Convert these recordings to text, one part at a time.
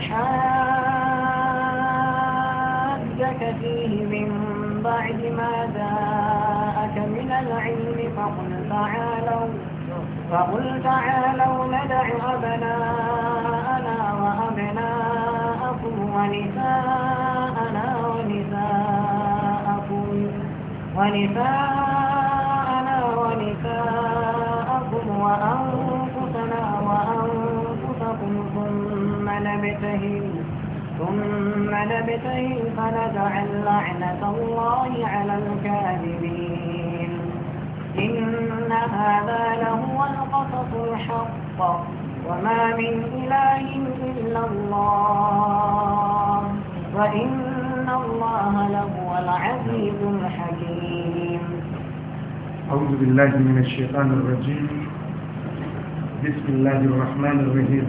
حاجك فيه من بعد ما جاءك من العلم فقل تعالوا فقل تعالوا ندع أبناءنا وأبناءكم ونساءنا ونساءكم ونساءنا ونساءكم وأنفسكم نبتهل ثم نبتهل فنجعل لعنة الله على الكاذبين إن هذا لهو القصص الحق وما من إله إلا الله وإن الله لهو العزيز الحكيم أعوذ بالله من الشيطان الرجيم بسم الله الرحمن الرحيم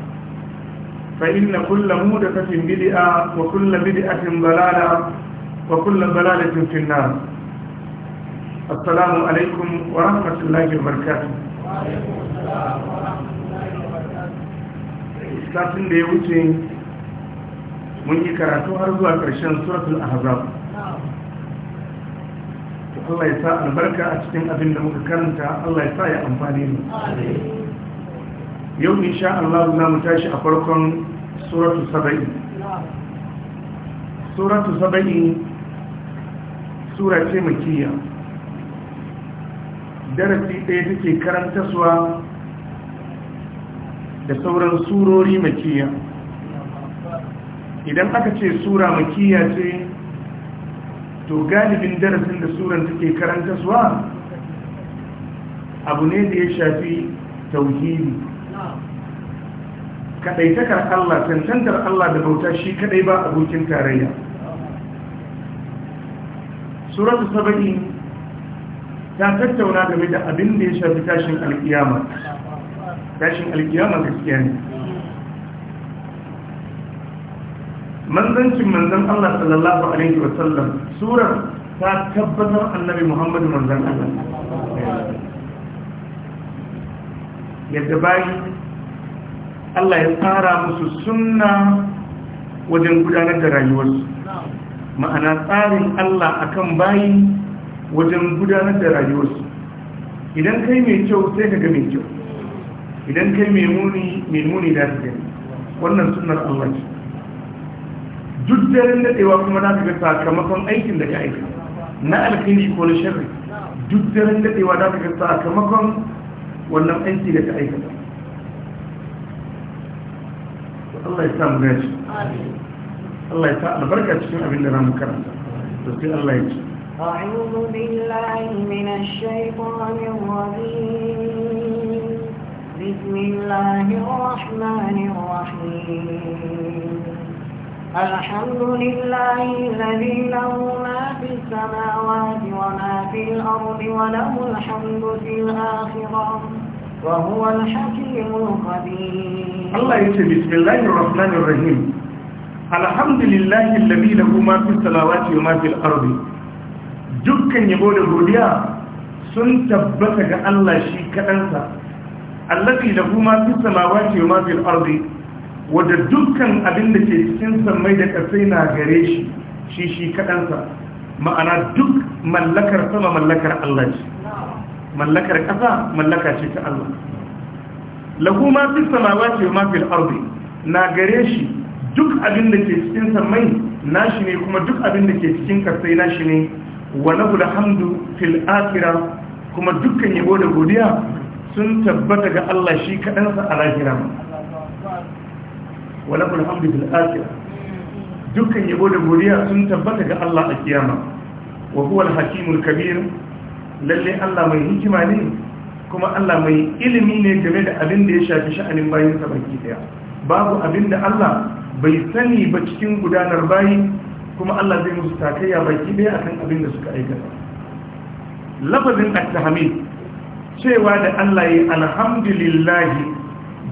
فإن كل مودة بدئة وكل بدئة ضلالة وكل ضلالة في النار السلام عليكم ورحمة الله وبركاته إسلام دي وچين من يكراتو أرضو أكرشان سورة الله يسا البركة أتكين أبن دموك كرنتا الله يسا يا أمبانين يوم إن شاء الله نامتاش أفركم suratu saba'i suratu saba'i sura ce makiyya darasi ɗaya take karantaswa da sauran surori makiyya idan aka ce sura makiyya ce to galibin darasin da suran take karantaswa abu ne da ya shafi tauhidi kaɗaitakar Allah tantantar Allah da bauta shi kaɗai ba abokin tarayya suratu saba'i ta tattauna game da abin da ya shafi tashin alkiyama tashin alkiyama gaskiya ne manzancin manzan Allah sallallahu alaihi wasallam surar ta tabbatar annabi muhammadu manzan Allah yadda bayi Allah ya tsara musu sunna wajen gudanar da rayuwarsu ma'ana tsarin Allah akan bayi wajen gudanar da rayuwarsu idan kai mai kyau sai ka ga mai kyau idan kai mai muni mai muni da su gani wannan sunar Allah ce duk daren daɗewa kuma na fi ga sakamakon aikin da ka aika na alkhairi ko na sharri duk daren daɗewa na fi ga sakamakon wannan aiki da ka aikata الله ya ناجي الله gaji Allah ya أبي الله cikin abin da za أعوذ بالله من الشيطان الرجيم بسم الله الرحمن الرحيم الحمد لله الذي له ما في السماوات وما في الأرض وله الحمد في الآخرة وهو الحكيم الخبير الله يقول بسم الله الرحمن الرحيم الحمد لله الذي له ما في السماوات وما في الأرض dukkan yabo da godiya sun tabbata ga Allah shi kaɗansa allazi lahu ma fi samawati wa ma fil ardi wanda dukkan abin da ke cikin sammai da ƙasai na gare shi shi shi kaɗansa ma'ana duk mallakar sama mallakar Allah ce mallakar ƙasa mallaka ce ta Allah lahu ma fi samawati wa ma fil ardi na gare shi duk abin da ke cikin samai nashi ne kuma duk abin da ke cikin kasai nashi ne wa lahu alhamdu fil akhirah kuma dukkan yabo da godiya sun tabbata ga Allah shi kadansa a lahira wa lahu alhamdu fil akhirah dukkan yabo da godiya sun tabbata ga Allah a kiyama wa huwa al-hakimul kabir lalle Allah mai hikima ne kuma Allah mai ilimi ne game da abin da ya shafi sha'anin bayinsa baki daya babu abin da Allah bai sani ba cikin gudanar bayi kuma Allah zai musu takayya baki daya akan abin da suka aikata lafazin at-tahmid cewa da Allah yi alhamdulillah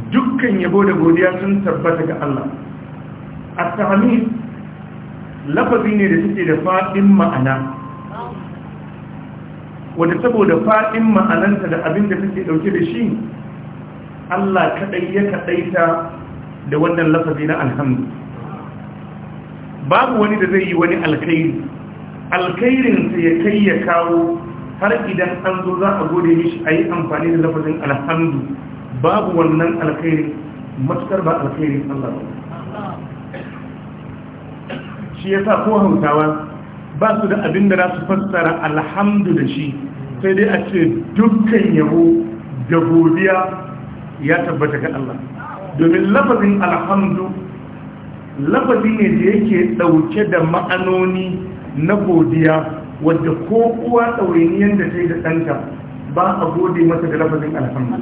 dukkan yabo da godiya sun tabbata ga Allah at-tahmid lafazi ne da take da fadin ma'ana wadda saboda faɗin ma'ananta da abin da take ɗauke da shi Allah kaɗai ya kaɗaita da wannan lafazi na alhamdu babu wani da zai yi wani alkairi alkairinsa ya kai ya kawo har idan an zo za a gode mishi a yi amfani da lafazin alhamdu babu wannan alkairi matukar ba alkairin Allah ba shi ya sa ko hautawa ba su da abin da za su fassara alhamdu da shi sai dai a ce dukkan yabo da godiya ya tabbata ga Allah domin lafazin alhamdu lafazi ne da yake dauke da ma'anoni na godiya wadda ko uwa ɗawainiyar da ta yi da ɗanta ba a gode masa da lafazin alhamdu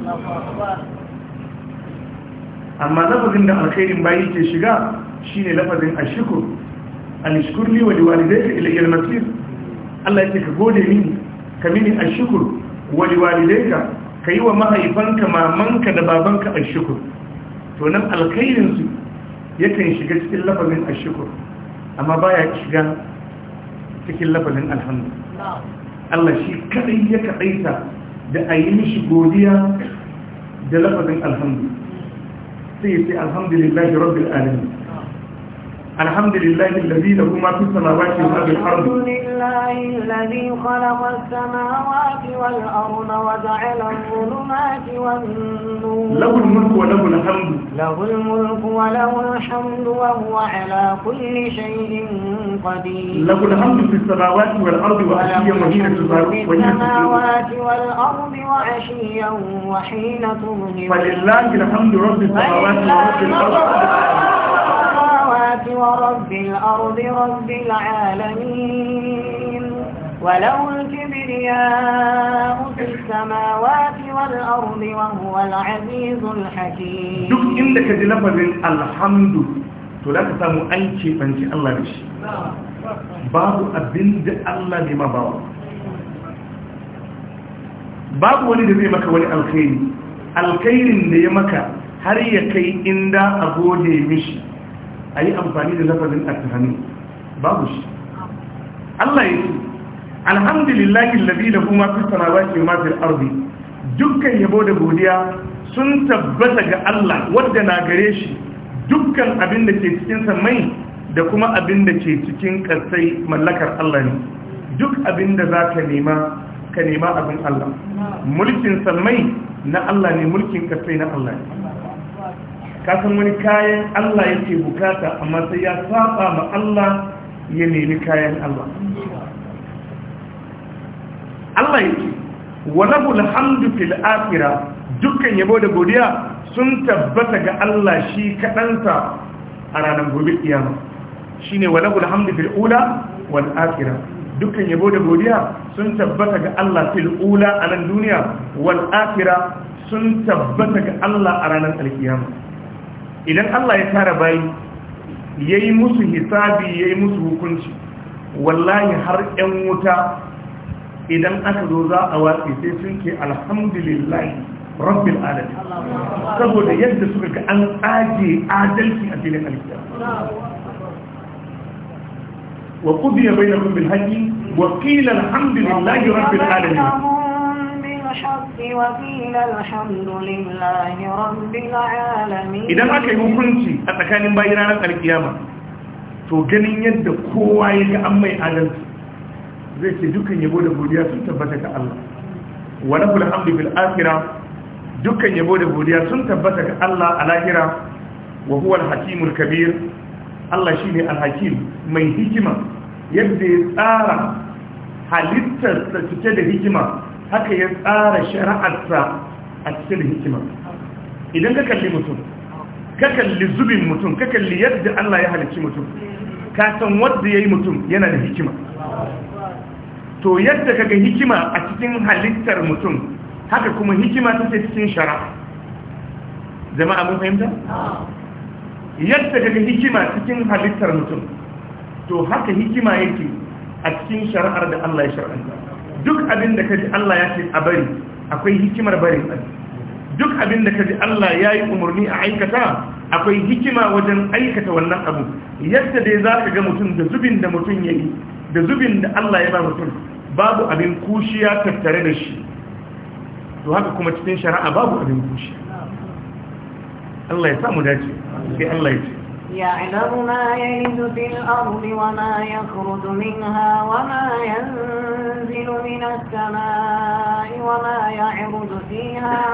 amma lafazin da alkhairin bayi ke shiga shine lafazin ashikur an shukurli wa liwalidayka ilayya al-masir Allah yake ka gode mini ka mini ashkur wa liwalidayka kai wa mahaifanka mamanka da babanka ashkur to nan alkhairin su yakan shiga cikin lafazin ashkur amma baya shiga cikin lafazin alhamdu Allah shi kadai ya kadaita da ayi mishi godiya da lafazin alhamdu sai sai alhamdulillahi rabbil alamin الحمد لله الذي له ما في السماوات وما في الأرض الحمد لله الذي خلق السماوات والأرض وجعل الظلمات والنور له الملك وله الحمد له الملك وله الحمد وهو على كل شيء قدير له الحمد في السماوات والأرض وعشيا وحين تظهرون السماوات والأرض وعشيا وحين تظهرون فلله الحمد رب السماوات ورب الأرض ورب الأرض رب العالمين وله الكبرياء في السماوات والأرض وهو العزيز الحكيم دك إنك لفظ الحمد تلاك سامو أنشي فانشي الله بشي babu abin da Allah ne ma bawa babu wani da zai maka wani alkhairi alkhairin da ya maka har ya kai inda a gode mishi a yi amfani da lafazin attahani babu shi Allah ya ce alhamdulillahi alladhi lahu ma fis samawati wa ma fil dukkan yabo da godiya sun tabbata ga Allah wanda na gare shi dukkan abin da ke cikin samai da kuma abin da ke cikin kasai mallakar Allah ne duk abin da ka nema ka nema abin Allah mulkin samai na Allah ne mulkin kasai na Allah ne kasan wani kayan Allah yake bukata amma sai ya saba ma Allah ya nemi kayan Allah Allah yake walahu Hamdu fil akhirah dukkan yabo da godiya sun tabbata ga Allah shi kadansa a ranar gobe kiyama shine walahu Hamdu fil ula wal akhirah dukkan yabo da godiya sun tabbata ga Allah fil ula a nan duniya wal akhirah sun tabbata ga Allah a ranar alkiyama idan Allah ya tara bayi yi musu hisabi ya yi musu hukunci wallahi har 'yan wuta idan aka zo za a watsi sai sun ke alhamdulillah rabbil alamin saboda yadda suka ga an tsage adalci a filin alkiyar wa qudiya bainahum bil haqqi wa qila alhamdulillahi rabbil alamin idan aka yi hukunci a tsakanin bayi ranar alkiyama to ganin yadda kowa ya ga an mai adalci zai ce dukkan yabo da godiya sun tabbata ga Allah Wani rabbul hamdi bil akhirah dukkan yabo da godiya sun tabbata ga Allah a lahira wa huwa al hakimul kabir Allah shine al hakim mai hikima yadda ya tsara halittar cike da hikima haka ya tsara shari'arsa a cikin hikima idan ka kalli mutum ka kalli zubin mutum ka kalli yadda Allah ya halicci mutum ka san wanda yayi mutum yana da hikima to yadda kaga hikima a cikin halittar mutum haka kuma hikima ce cikin shari'a jama'a mun fahimta yadda kaga hikima cikin halittar mutum to haka hikima yake a cikin shari'ar da Allah ya shar'anta duk abin da kaji Allah ya ce a bari akwai hikimar bari. duk abin da kaji Allah ya yi umarni a aikata akwai hikima wajen aikata wannan abu yadda dai za ka ga mutum da zubin da mutum ya yi da zubin da Allah ya ba mutum babu abin kushiya tattare da shi to haka kuma cikin shari'a babu abin kushiya Allah ya samu dace sai Allah ya ce يعلم ما يلد في الأرض وما يخرج منها وما ينزل من السماء وما يعرض فيها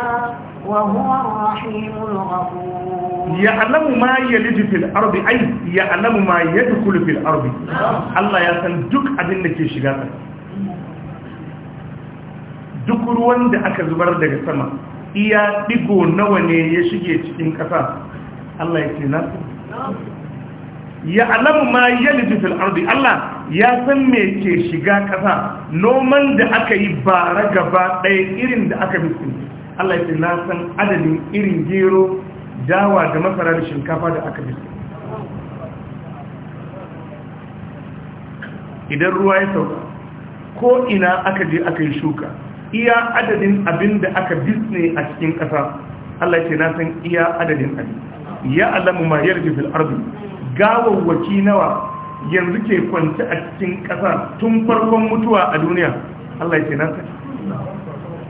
وهو الرحيم الغفور يعلم ما يلد في الأرض أي يعلم ما يدخل في الأرض الله يسندك أبنك شغاتا duk ruwan da aka zubar daga sama iya digo nawa ne ya shige cikin ƙasa Allah ya ce na su ya alamu ma yali fil ardi Allah ya san me ke shiga kasa noman da aka yi bara gaba ɗaya irin da aka bisu Allah ya na san adadin irin gero dawa da masara da shinkafa da aka bisu idan ruwa ya sauka ko ina aka je aka yi shuka iya adadin abin da aka bisne a cikin ƙasa Allah ya na san iya adadin abin alamu ma yarji fil ardi gawawwaki nawa yanzu ke kwance a cikin ƙasa tun farkon mutuwa a duniya Allah ya ce nan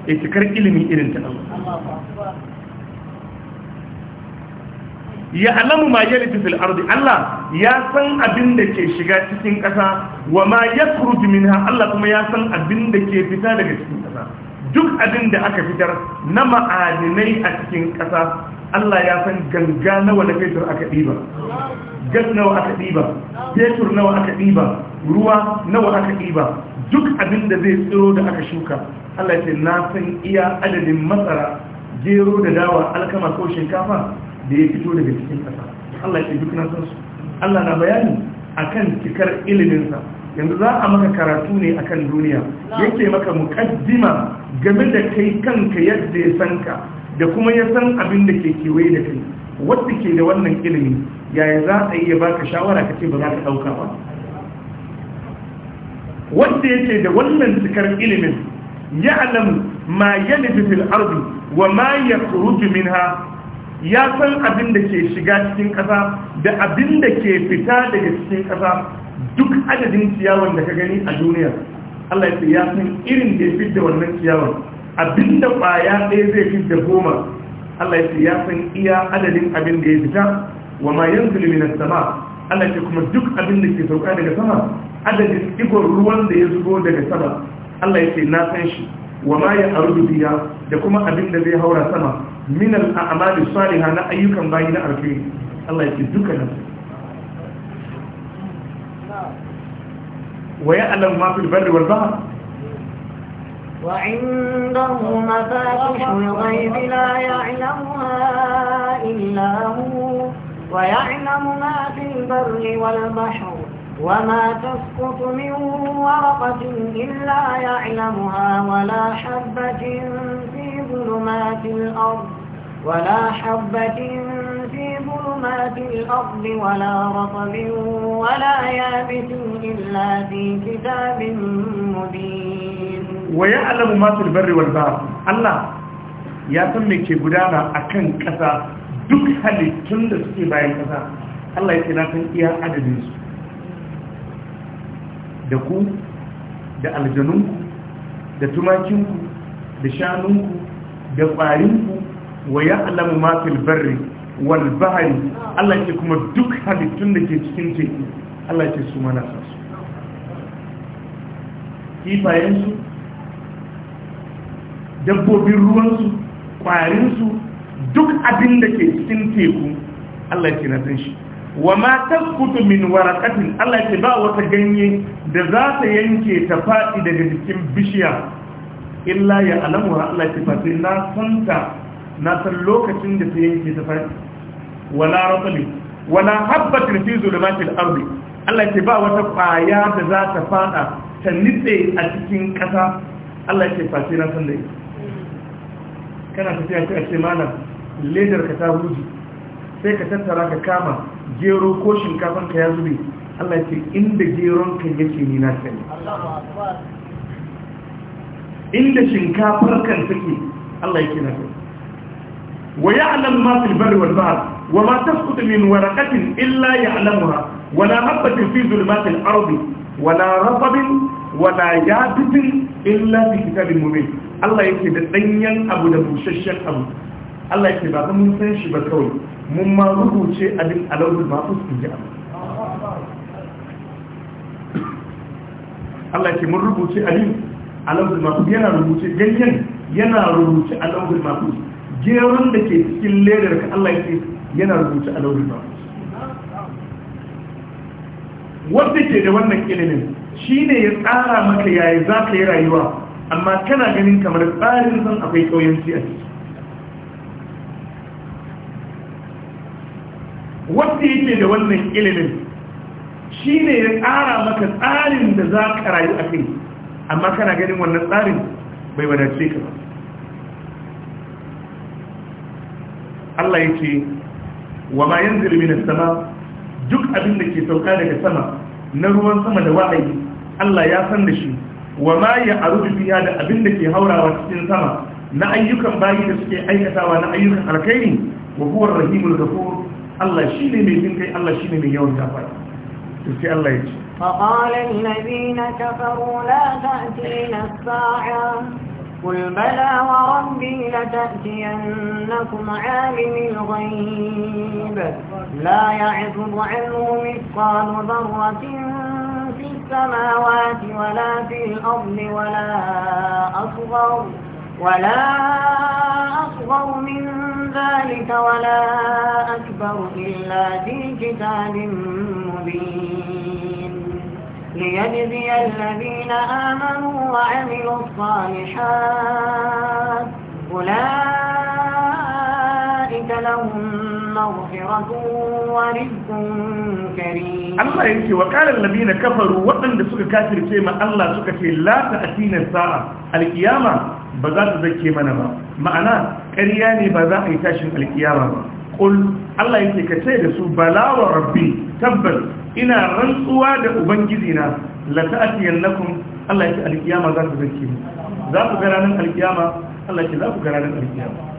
ya cikar ilimi irin ta Allah ya alamu ma yarji fil ardi Allah ya san abin da ke shiga cikin ƙasa wa ma ya minha Allah kuma ya san abin da ke fita daga cikin ƙasa duk abin da aka fitar na ma'adinai a cikin ƙasa Allah ya san ganga nawa na fetur aka ɗiba gas nawa aka ɗiba fetur nawa aka ɗiba ruwa nawa aka ɗiba duk abin da zai tsiro da aka shuka Allah ce na san iya adadin matsara gero da dawa alkama ko shinkafa da ya fito daga cikin ƙasa Allah ce duk na san su Allah na bayani akan cikar iliminsa yanzu za a maka karatu ne akan duniya yake maka mukaddima game da kai kanka yadda ya san ka da kuma ya san abin da ke kewaye da kai wadda ke da wannan ilimi yaya za a iya baka shawara ka ce ba za ka ɗauka ba wadda yake da wannan cikar ilimin ya alamu ma yalifi fil ardi wa ma min minha ya san abin da ke shiga cikin ƙasa da abin da ke fita daga cikin ƙasa duk adadin ciyawan da ka gani a duniya Allah ya ya san irin da ya fitta wannan ciyawan abinda baya ɗaya zai fi da goma Allah ya ce ya san iya adadin abin da ya fita wa ma yanzulu na sama Allah ce kuma duk abin da ke sauka daga sama adadin ɗigon ruwan da ya zubo daga sama Allah ya ce na san shi wa ma ya aru biya da kuma abin da zai haura sama min Amadu, saliha na ayyukan bayi na arfi Allah ya ce duka nan. wa ya alam ma fil barri wal وعنده مفاتح الغيب لا يعلمها إلا هو ويعلم ما في البر والبحر وما تسقط من ورقة إلا يعلمها ولا حبة في ظلمات الأرض ولا حبة في ظلمات الأرض ولا رطب ولا يابس إلا في كتاب مبين wa ya alamu matul barri wal bahr Allah ya san me ke gudana akan kasa duk halittun da suke bayan kasa Allah ya ce na san iya adadin su da ku da aljanunku da tumakinku da shanunku da ku wa ya alamu matul barri wal bahr Allah ya kuma duk halittun da ke cikin teku Allah ya ce su mana sa su kifayensu dabbobin ruwansu kwarinsu duk abin da ke cikin teku Allah ya ce na san shi wa ma tasqutu min waraqatin Allah ya ce ba wata ganye da za ta yanke ta faɗi daga cikin bishiya illa ya alamu Allah ya ce na san ta na san lokacin da ta yanke ta faɗi wala ratali wala habbatin fi zulumatil ardi Allah ya ce ba wata kwaya da za ta fada ta nitse a cikin ƙasa Allah ya ce fa sai na san da ita kana tafiya ta a ce malam ledar ka ta huji sai ka tattara ka kama gero ko shinkafan ka ya zube Allah ce inda geron ka yake ni na sani inda shinkafar kan take Allah yake na sani wa ya'lam ma fil barri wal bahr wa ma tasqutu min waraqatin illa ya'lamuha wa la habatin fi dhulumatil ardi wa la rabbin wa la yabtin illa fi kitabin mubin Allah yake da danyen abu da busasshen abu Allah yake ba mun san shi ba kawai mun ma rubuce abin alawul mafus in ji abu Allah yake mun rubuce abin alawul mafus yana rubuce ganyen yana rubuce alawul mafus geron da ke cikin ledar ka Allah yake yana rubuce alawul mafus wanda ke da wannan ilimin shine ya tsara maka yayi zaka yi rayuwa amma kana ganin kamar tsarin zan akwai kauyanci a ciki wanda yake da wannan ilimin shi ne ya tsara maka tsarin da za ka rayu a kai amma kana ganin wannan tsarin bai wadace ka ba Allah ya ce wa ma yanzu sama duk abin da ke sauka daga sama na ruwan sama da wa'ayi Allah ya san da shi wa ma ya arudu fiya da abin da ke haurawa cikin sama na ayyukan bayi da suke aikatawa na ayyukan alkhairi wa huwa rahimul ghafur Allah shine mai jin kai Allah shine mai yawan gafara to sai Allah ya ce فقال الذين كفروا لا تأتينا الساعة قل بلى وربي لتأتينكم عالم الغيب لا يعزب عنه مثقال ذرة السماوات ولا في الأرض ولا أصغر ولا أصغر من ذلك ولا أكبر إلا في كتاب مبين ليجزي الذين آمنوا وعملوا الصالحات أولئك Allah ya ce wa ƙarar labi na kafaru waɗanda suka kafirce ma Allah suka ce lata a sinin sa’a alkiyama ba za su zake mana ba ma’ana ƙariya ne ba za a yi tashin alkiyama ba ƙul Allah ya ce ka ce da su balawa rabbi tabbas ina rantsuwa da ubangiji na lata a siyan Allah ya ce alkiyama za su zake mu za za su ga ranar alkiyama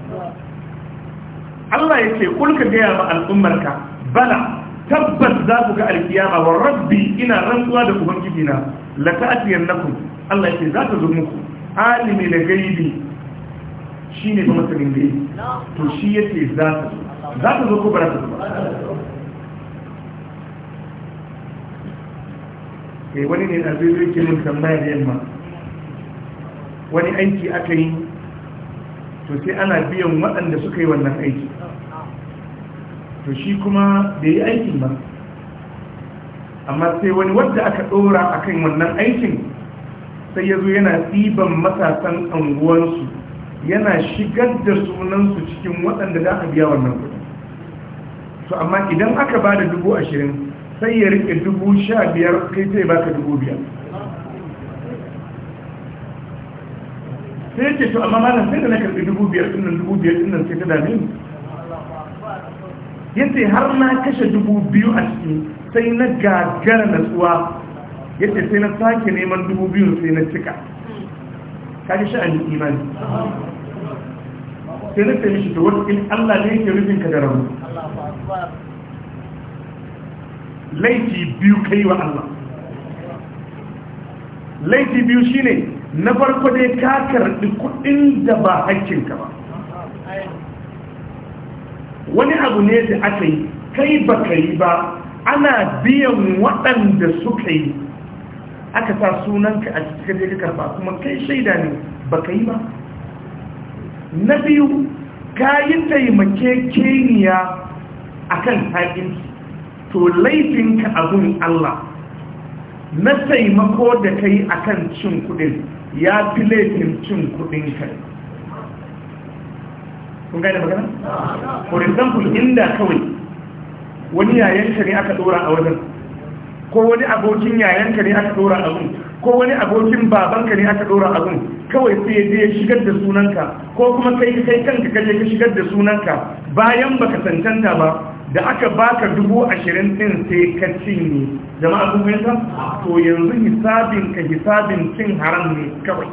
Allah ya ce kulka gaya ma al'ummarka bala tabbas za ku ga alkiyama wa rabbi ina rantsuwa da ubangiji na la ta'tiyan lakum Allah ya ce za ta zo muku alimi da gaibi shine ba masanin gaibi to shi ce za ta zo za ta zo ko ba ta eh, wani ne da zai zo kirin da yamma wani aiki aka yi to sai ana biyan waɗanda suka yi wannan aiki to shi kuma bai yi aikin ba amma sai wani wadda aka ɗora a kan wannan aikin sai ya zo yana tsiban matasan anguwansu yana shigar da sunansu cikin waɗanda za a biya wannan kudi to amma idan aka ba da dubu ashirin sai ya riƙe dubu sha biyar kai sai baka dubu biyar sai ce to amma malam sai da na karɓi dubu biyar ɗin nan dubu biyar ɗin nan sai ta dame ni ya ce har na kashe dubu biyu a ciki sai na gagara natsuwa ya ce sai na sake neman dubu biyu sai na cika kaji sha'anin imani sai na ce mishi da wata in allah ne yake rufin ka da rabu laifi biyu kai wa allah laifi biyu shine na farko dai ka karɓi kuɗin da ba hakkinka ba wani abu ne da aka yi kai ba ka yi ba ana biyan waɗanda suka yi aka sa sunanka a cikin da ka kuma kai shaida ne ba ka yi ba na biyu ka yi taimake keniya a kan haƙinsu to laifinka abin Allah na taimako da ka yi a kan cin kudin ya fi laifin cin kudin kai kun gane magana for example inda kawai wani yayanka ne aka dora a wajen ko wani abokin yayanka ne aka dora a wajen ko wani abokin babanka ne aka dora abin kawai sai dai ya shigar da sunanka ko kuma kai kai kanka kaje ka shigar da sunanka bayan baka tantanta ba da aka baka dubu ashirin din sai ka cinye jama'a kun fahimta to yanzu hisabin ka hisabin cin haram ne kawai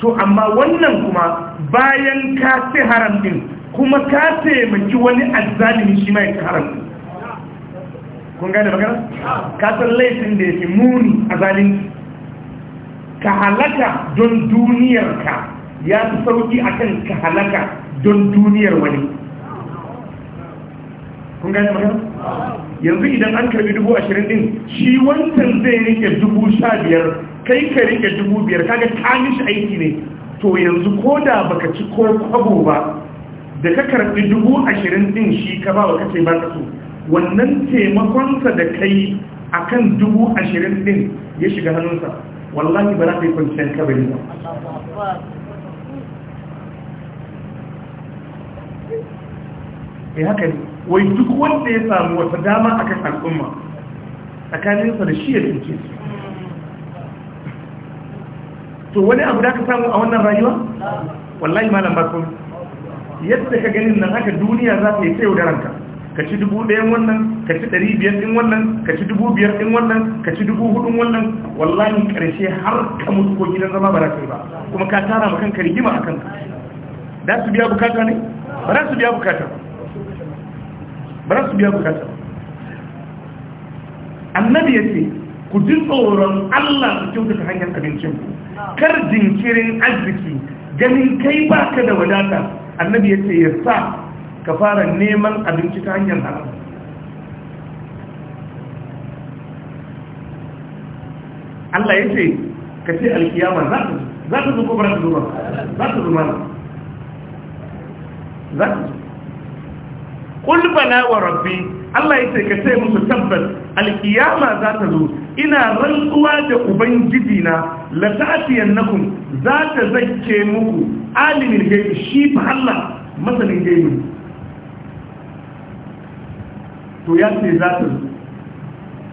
to amma wannan kuma bayan ka fi haram din kuma ka taimaki wani azzalimi shi mai haram kun gane magana ka san laifin da yake muni a ka halaka don duniyarka ya fi sauki akan ka halaka don duniyar wani kun gane magana yanzu idan an karbi dubu ashirin din shi wancan zai rike dubu sha biyar kai ka rike dubu biyar kaga ka aiki ne to yanzu ko da baka ci ko kwabo ba da ka karbi dubu ashirin din shi ka ba baka ce ba ka so wannan taimakonsa da kai a kan dubu ashirin din ya shiga hannunsa wallahi ba za ka yi kwanciyar kabari ba eh haka ne wai duk wanda ya samu wata dama a kan al'umma tsakaninsa da shi ya cuce su to wani abu da ka samu a wannan rayuwa wallahi malam ba yadda ka ganin nan haka duniya za ta yi tsayo da ranka ka ci dubu ɗayan wannan ka ci ɗari biyar ɗin wannan ka ci dubu biyar ɗin wannan ka ci dubu hudun wannan wallahi ƙarshe har ka mutu ko gidan zama ba za ka yi ba kuma ka tara ma kanka rigima a kanka za su biya bukata ne ba za su biya bukata ba ba za su biya bukata annabi ya ce ku ji tsoron allah su kyautata hanyar abincin ku kar jinkirin arziki ganin kai baka da wadata annabi ya ce ya sa ka fara neman abinci ta hanyar haram Allah ya ce ka ce alkiyama za ta zo ko ba za ta zo ba za ta zo mana za ta zo qul bala wa rabbi Allah yace ka ce musu tabbas alkiyama za ta zo ina rantsuwa da ubangiji na la ta'tiyannakum za ta zakke muku alimin gaibi shi fa Allah masanin gaibi to ya ce za ta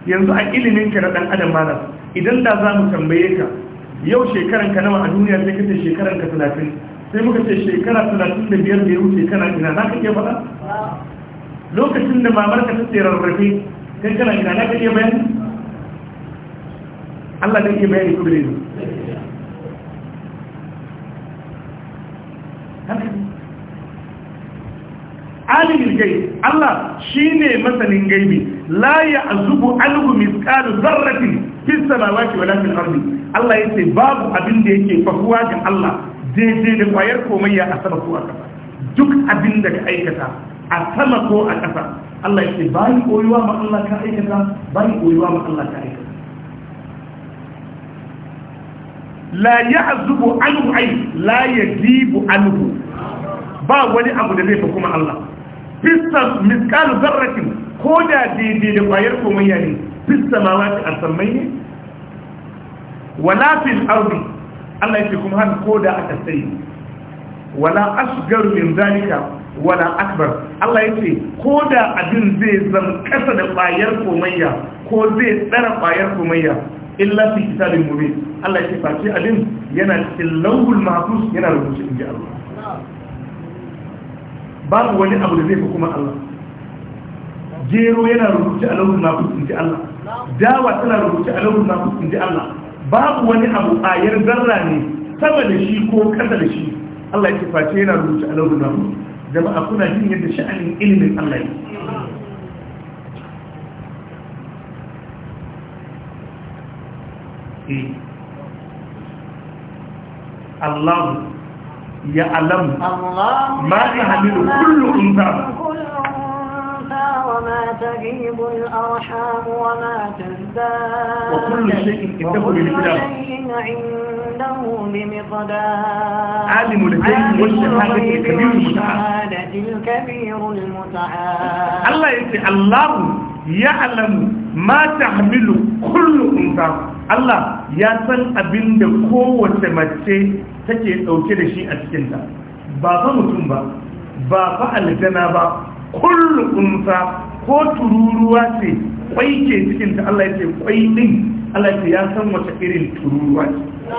yanzu a ilimin ka na dan adam malam idan da za mu tambaye ka yau shekaran ka nawa a duniya sai kace shekaran ka 30 sai muka ce shekara 35 da biyar da ya wuce kana ina za ka iya faɗa lokacin da mamarka ta tsere rarrafe kai kana gida na kai bayan Allah da ke bayani ko bare alimin gai Allah shi ne masanin gai gaibi la ya'zubu anhu mithqalu dharratin fis samawati wala fil ardi Allah ya ce babu abin da yake fahuwa ga Allah daidai da kwayar komai ya asaba ko aka duk abin da ka aikata a sama ko a ƙasa Allah ya ce ba yi koyuwa ma Allah ka aikata ba yi koyuwa ma Allah ka aikata la ya azubu anhu ai la ya dibu anhu ba wani abu da zai fi kuma Allah fistas miskalu zarratin ko da daidai da kwayar komayya ne fista ma wata a sammai ne wala fil ardi Allah ya ce kuma har ko da aka sai wala asgaru min zalika wala akbar Allah ya ce ko da abin zai zan kasa da bayar komayya ko zai tsara bayar komayya illa fi kitabin mubin Allah ya ce face abin yana cikin lawul mahfuz yana rubuce inji Allah babu wani abu da zai fi kuma Allah gero yana rubuce a lawul mahfuz inji Allah dawa tana rubuce a lawul mahfuz inji Allah babu wani abu ayar zarra ne sama da shi ko kasa da shi Allah ya ce face yana rubuce a lawul mahfuz zama a kuna jin yadda sha'anin ilimin Allah yi eh. Allah ya alamu ma ni kullum ba تخفى وما تغيب الأرحام وما تزداد وكل شيء عنده بمقدار عالم الغيب والشهادة الكبير المتعال الله يقول الله يعلم ما تحمل كل أنثى Allah ya san abin da kowace mace take ɗauke da shi a cikinta ba fa mutum ba ba fa aljana ba kullu unsa ko tururuwa ce kwai ke cikin ta Allah ya ce kwai din Allah ya ce ya san wata irin tururuwa ce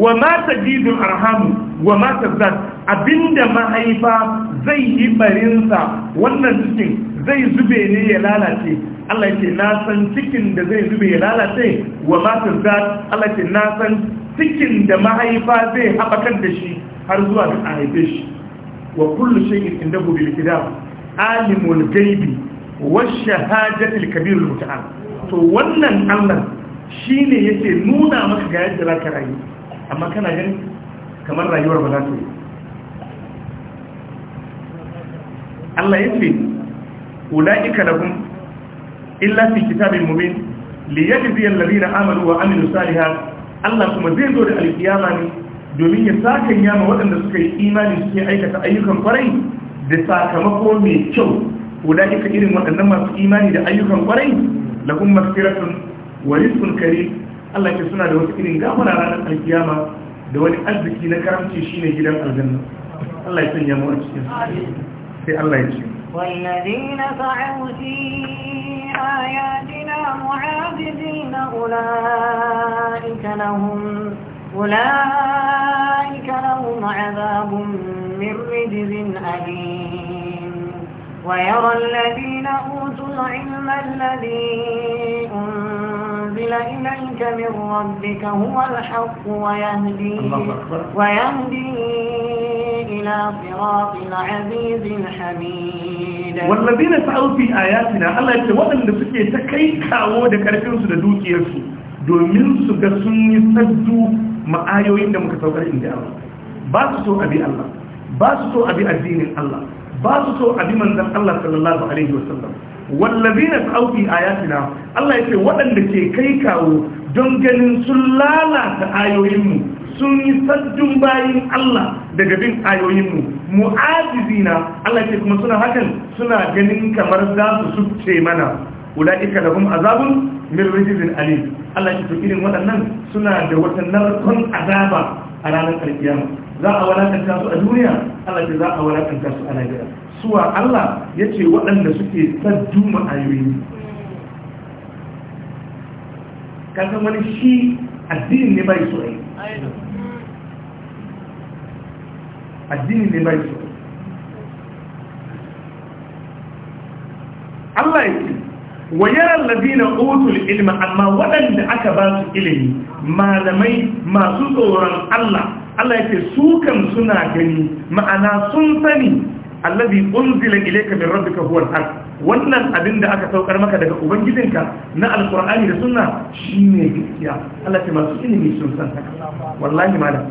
wa ma tajidul arhamu wa ma tazzat abinda mahaifa zai yi barinsa wannan cikin zai zube ne ya lalace Allah yake na san cikin da zai zube ya lalace wa ma tazzat Allah yake na san cikin da mahaifa zai haɓakar da shi har zuwa ga haife shi wa kullu shay'in indahu bil kitab alimul ghaibi wash shahadatil to wannan Allah shine yake nuna maka ga yadda zaka rayu amma kana gani kamar rayuwar ba za ta yi Allah yace ulaika lahum illa fi kitabin mubin liyajzi alladhina amanu wa amilus salihat Allah kuma zai zo da alkiyama ne domin ya sakan yama waɗanda suka yi imani suke aikata ayyukan kwarai da sakamako mai kyau ulaika irin waɗannan masu imani da ayyukan kwarai lahum maghfiratun wa rizqun kare. Allah ke suna da wasu irin gafara ranar alkiyama da wani arziki na karamci ne gidan aljanna Allah ya sanya mu a cikin sai Allah ya ce والذين سعوا في آياتنا معاجزين أولئك لهم أولئك لهم عذاب من رجز أليم ويرى الذين أوتوا العلم الذي أنزل إليك من ربك هو الحق ويهدي, ويهدي إلى صراط العزيز الحميد والذين سعوا في آياتنا الله يتوقع أن نفسك تكي كاو دكارفين سدى دوكي يسو domin su ga sun yi saddu ma'ayoyin da muka saukar inda Allah ba su so abi Allah ba su so abi addinin Allah ba su so abi manzan Allah sallallahu alaihi wasallam wallazina tsawo a ayatina Allah ce waɗanda ke kai kawo don ganin sun lalata ayoyinmu sun yi saddun bayin Allah daga bin ayoyinmu mu'ajizina Allah ce kuma suna hakan suna ganin kamar za su subce mana ula'ika lahum azabun min rijizin alim Allah ya tafi irin waɗannan suna da wata narkon azaba a ranar alkiyama za a walakanta su a duniya Allah ya za a walakanta su a lahira suwa Allah ya ce waɗanda suke tsadduma ayoyi kasan wani shi addinin ne bai so yi addinin ne bai so Allah ya ce wa yaran labina otul ilma amma waɗanda aka ba su ilimi malamai masu tsoron Allah Allah ya ce su suna gani ma'ana sun sani allazi unzila ilayka min rabbika huwa al-haq wannan abin da aka saukar maka daga ubangijinka na alqur'ani da sunna shine gaskiya Allah ce masu ilimi sun san haka wallahi malam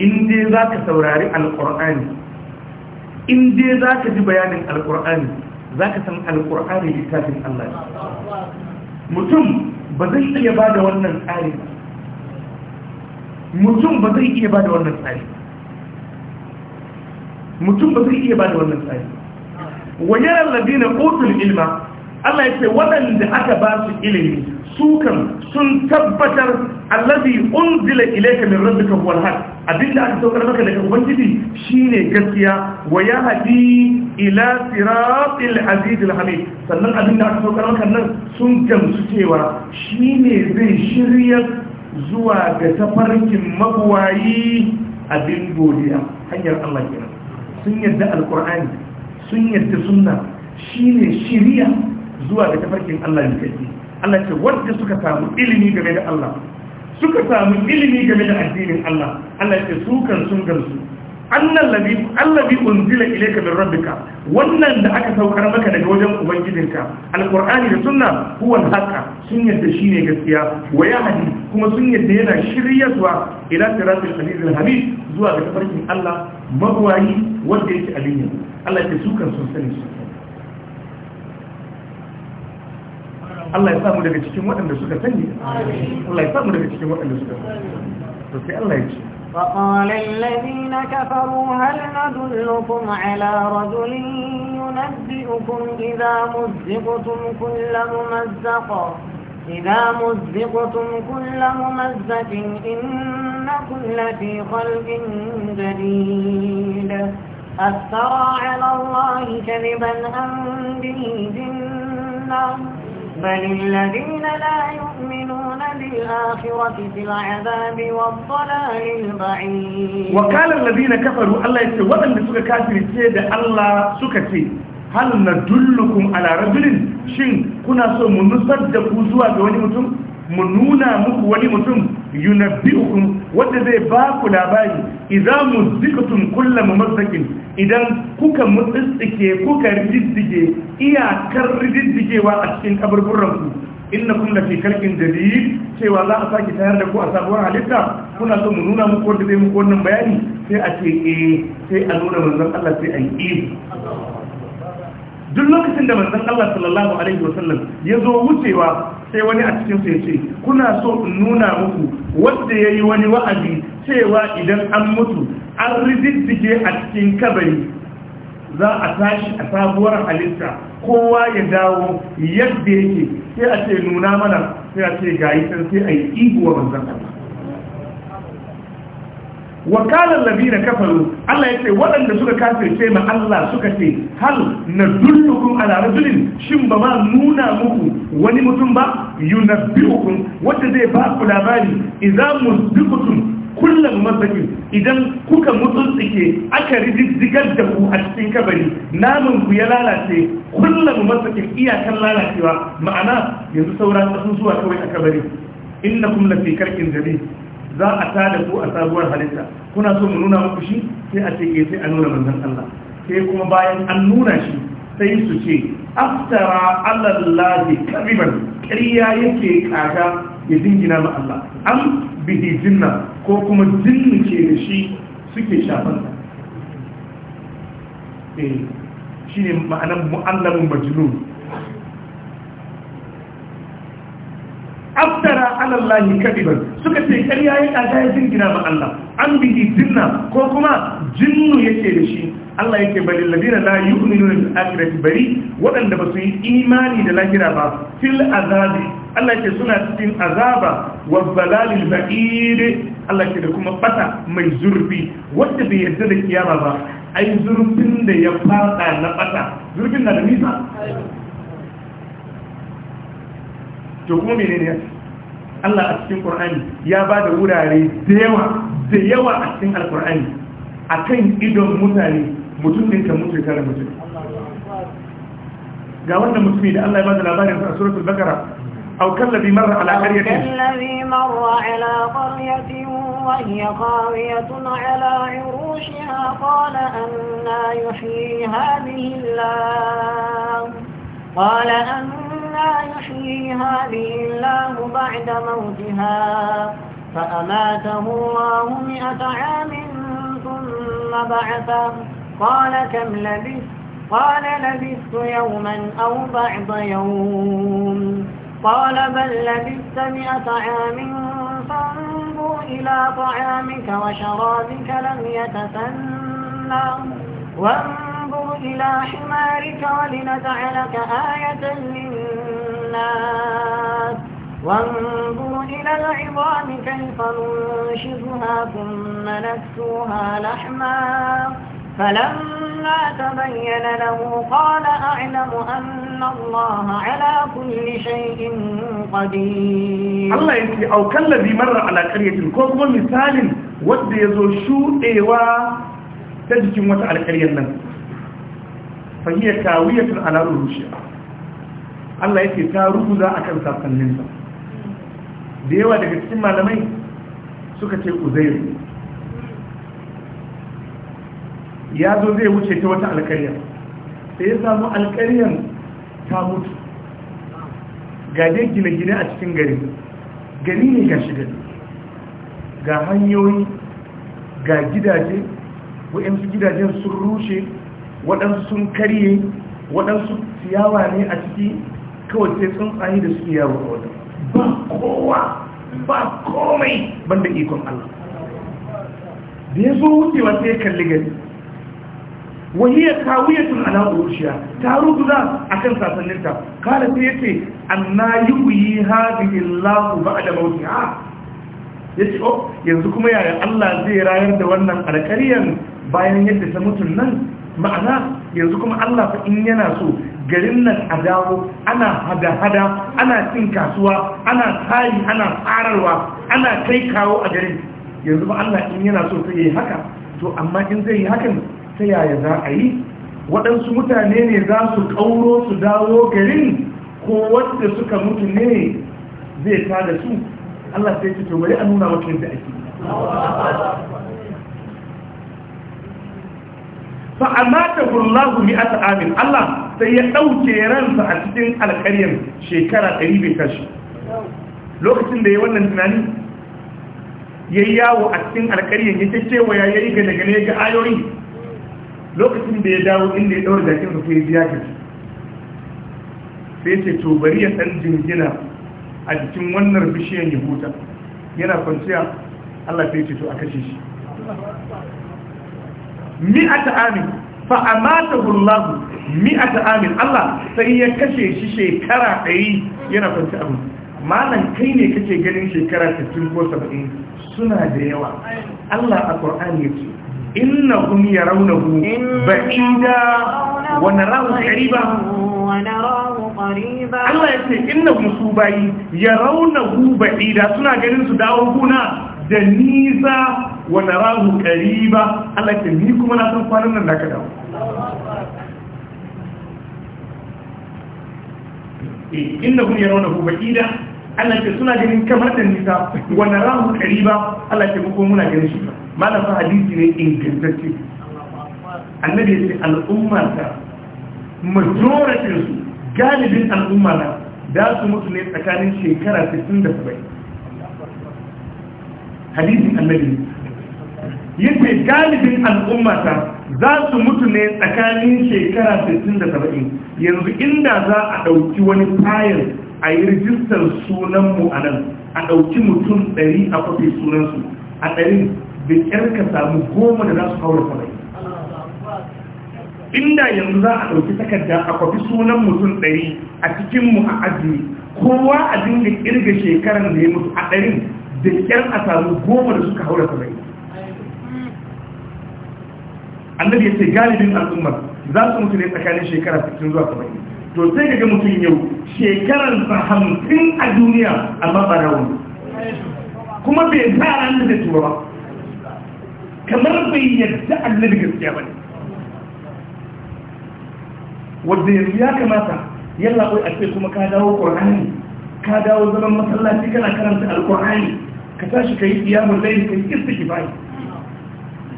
in dai zaka saurari alqur'ani in dai zaka ji bayanin alqur'ani za ka san alƙur'ani littafin Allah mutum ba zai iya ba da wannan tsari mutum ba zai iya ba da wannan tsari mutum ba zai iya ba da wannan tsari wayarar ladina otul ilma Allah ya ce waɗanda aka ba su ilimi sukan sun tabbatar allazi unzila ilayka min rabbika huwal haq abinda aka saukar maka daga ubangiji shine gaskiya wa ya hadi ila siratil azizil hamid sannan abinda aka saukar maka nan sun gamsu cewa shine zai shirya zuwa ga tafarkin mabuwayi abin godiya hanyar Allah kenan sun yadda alqur'ani sun yadda sunna shine shiriya zuwa ga tafarkin Allah ne kake Allah ce wanda suka samu ilimi game da Allah suka samu ilimi game da addinin Allah Allah ya ce su kan sun gamsu annal ladhi allazi unzila ilayka min rabbika wannan da aka saukar maka daga wajen ubangijinka alqur'ani da sunna huwa alhaqa sun yadda shine gaskiya wa yahdi kuma sun yadda yana zuwa ila siratil azizil hamid zuwa ga tafarkin Allah mabwayi wanda yake aliyu Allah ya ce su kan sun sani su Allah ya samu daga cikin waɗanda suka sani Allah ya samu daga cikin waɗanda suka to sai Allah ya ce فقال الذين كفروا هل ندلكم على رجل ينبئكم إذا مزقتم كل ممزق إذا مزقتم كل ممزق إنكم لفي خلق جديد أفترى على الله كذبا أم به جنة بل الذين لا يؤمنون بالآخرة في العذاب والضلال البعيد وقال الذين كفروا الله يسير وأن سكا كافر سيد الله سكا سيد هل ندلكم على رجل شن كنا سوى منصد دفوزوا بوني متم mu nuna muku wani mutum yunabbi'ukum wanda zai ba ku labari idan muzikatum kullam mumazzakin idan kuka mutsitsike kuka riddige iyakar riddigewa a cikin kaburburan ku innakum la fi kalkin dalil cewa za a saki tayar da ku a sabuwar halitta kuna so mu nuna muku wanda zai muku wannan bayani sai a ce eh sai a nuna manzon Allah sai a yi duk lokacin da manzon Allah sallallahu alaihi wasallam ya zo wucewa sai wani a cikin sai ce kuna so in nuna muku wanda ya yi wani wa'azi cewa idan an mutu an rizittike a cikin kabari za a tashi a sabuwar halitta kowa ya dawo yadda yake sai a ce nuna mana sai a ce gayi sai a yi iguwa manzan Allah wa labi labina kafaru Allah ya ce waɗanda suka ce ma Allah suka ce hal na dullukun ala shin ba ma nuna muku wani mutum ba yunabbi'ukum wanda zai ba ku labari idza musbiqutum kullum mazaki idan kuka tsike aka rididdigar da ku a cikin kabari naman ku ya lalace kullum mazaki iyakan lalacewa ma'ana yanzu sauran sun zuwa kawai a kabari innakum lafi karkin jami'i za a tada su a sabuwar halitta kuna so mu nuna muku shi sai a ce eh, sai a nuna manzan Allah sai kuma bayan an nuna shi sai su ce aftara allah alallahi kabiban kariya yake kaga ya dingina ma Allah an bihi jinna ko kuma jinni ke da shi suke shafan eh shine ma'anar mu'allamun majnun aftara ala Allah kadiban suka ce ƙarya ya kaga ya jingina ba Allah an bihi jinna ko kuma jinnu yake da shi Allah yake bari ladina la yu'minuna bil akhirati bari waɗanda ba su yi imani da lahira ba fil azabi Allah yake suna cikin azaba wa balalil ba'id Allah yake da kuma bata mai zurfi wanda bai yarda da kiyama ba ai zurfin da ya fada na bata zurfin na da nisa to kuma menene Allah a cikin Qur'ani ya ba da wurare da yawa da yawa a cikin Al-Qur'ani akan idon mutane mutum din kan mutu tare mutum ga wannan mutumi da Allah ya ba da labarin a suratul Baqara أو كالذي مر على قرية كالذي مر لا يحيي هذه الله بعد موتها فأماته الله مئة عام ثم بعثه قال كم لبثت قال لبثت يوما أو بعض يوم قال بل لبثت مئة عام فانظر إلى طعامك وشرابك لم يتسنى وانظر إلى حمارك ولنجعلك آية للناس وانظر إلى العظام كيف ننشزها ثم نكسوها لحما فلما تبين له قال أعلم أن الله على كل شيء قدير الله يسي أو كالذي مر على قرية كوكو مثال ود يزو شوء إيوا تجكم وتعالى قرية منه fahiyar tawiyatun al'adun rushiya Allah yake ta ruguza a kan sasanninsa da yawa daga cikin malamai suka ce uzairu ya zo zai wuce ta wata alkarya sai ya samu alkaryar ta mutu ga gine-gine a cikin gari gari ne ga shiga ga hanyoyi ga gidaje wa'yansu gidajen sun rushe waɗansu sun karye waɗansu ciyawa ne a ciki kawai sai tsuntsaye da suke yawo a wajen ba kowa ba komai banda ikon Allah da ya zo wucewa sai ya kalli gari wahiyar tun ana urushiya ta ruguza a kan sasanninta kala sai ya ce anna yi wuyi haɗin illahu ba da mauti ha ya ce oh, yanzu kuma yaya Allah zai rayar da wannan alkariyar bayan yadda ta mutum nan ma'ana yanzu kuma Allah fa in yana so garin nan a dawo ana hada-hada ana cin kasuwa ana tayi ana tsararwa ana kai kawo a garin yanzu ba Allah in yana so sai yi haka to amma in zai yi hakan ta yaya za a yi waɗansu mutane ne za su ƙauro su dawo garin ko wadda suka mutu ne zai ta da su Allah sai ce to bari a nuna maka yadda ake fa amatahu Allah mi'at amin Allah sai ya ɗauke ransa a cikin alƙaryar shekara 100 bin kashi lokacin da ya wannan tunani yayi yawo a cikin alƙaryar ya cewa ya yayi ga daga ne ga ayoyi lokacin da ya dawo inda ya daura jakin sa sai ya biya kashi sai ce to bari ya dan jingina a cikin wannan bishiyar yahuta yana kwanciya Allah sai ce to a kashe shi mi'ata amin fa amatahu Allah mi'ata amin Allah sai ya kashe shi shekara 100 yana kwanci abin malan kai ne kake ganin shekara 60 ko 70 suna da yawa Allah a Qur'ani yace innahum yarawnahu ba'ida wa narahu qariba Allah ya yace innahum subayi yarawnahu ba'ida suna ganin su dawo kuna da nisa wa narahu qariba Allah ya ni kuma na san kwanan nan da ka dawo eh, innahum yarawnahu ba'ida Allah ke suna ganin kamar da nisa wa narahu qariba Allah ke kuma muna ganin shi malam fa hadisi ne ingantacce annabi ya ce al'umma ta majority galibin al'ummata. Za su mutu ne tsakanin shekara 60 da 70 hadisin annabi yace galibin al'ummata za su mutu ne tsakanin shekara 60 da 70 yanzu inda za a ɗauki wani fayil a yi rijistar sunanmu a nan a ɗauki mutum ɗari a kwafi sunansu a ɗari da ƙyarka samu goma da za su haura saba'in inda yanzu za a ɗauki takarda a kwafi sunan mutum ɗari a cikinmu a ajiye kowa a dinga ƙirga shekaran da ya mutu a ɗarin da ƙyar a samu goma da suka haura saba'in annabi ya ce galibin alumma za su mutu ne tsakanin shekara 60 zuwa 70 to sai ga mutum yau shekarar sa hamsin a duniya amma ba wani. kuma bai za a da zai ba kamar bai yadda annabi gaskiya ba ne wadda yanzu ya kamata yalla kai a ce kuma ka dawo ƙur'ani ka dawo zaman masallaci kana karanta alƙur'ani ka tashi ka yi iyamun laili ka yi bayi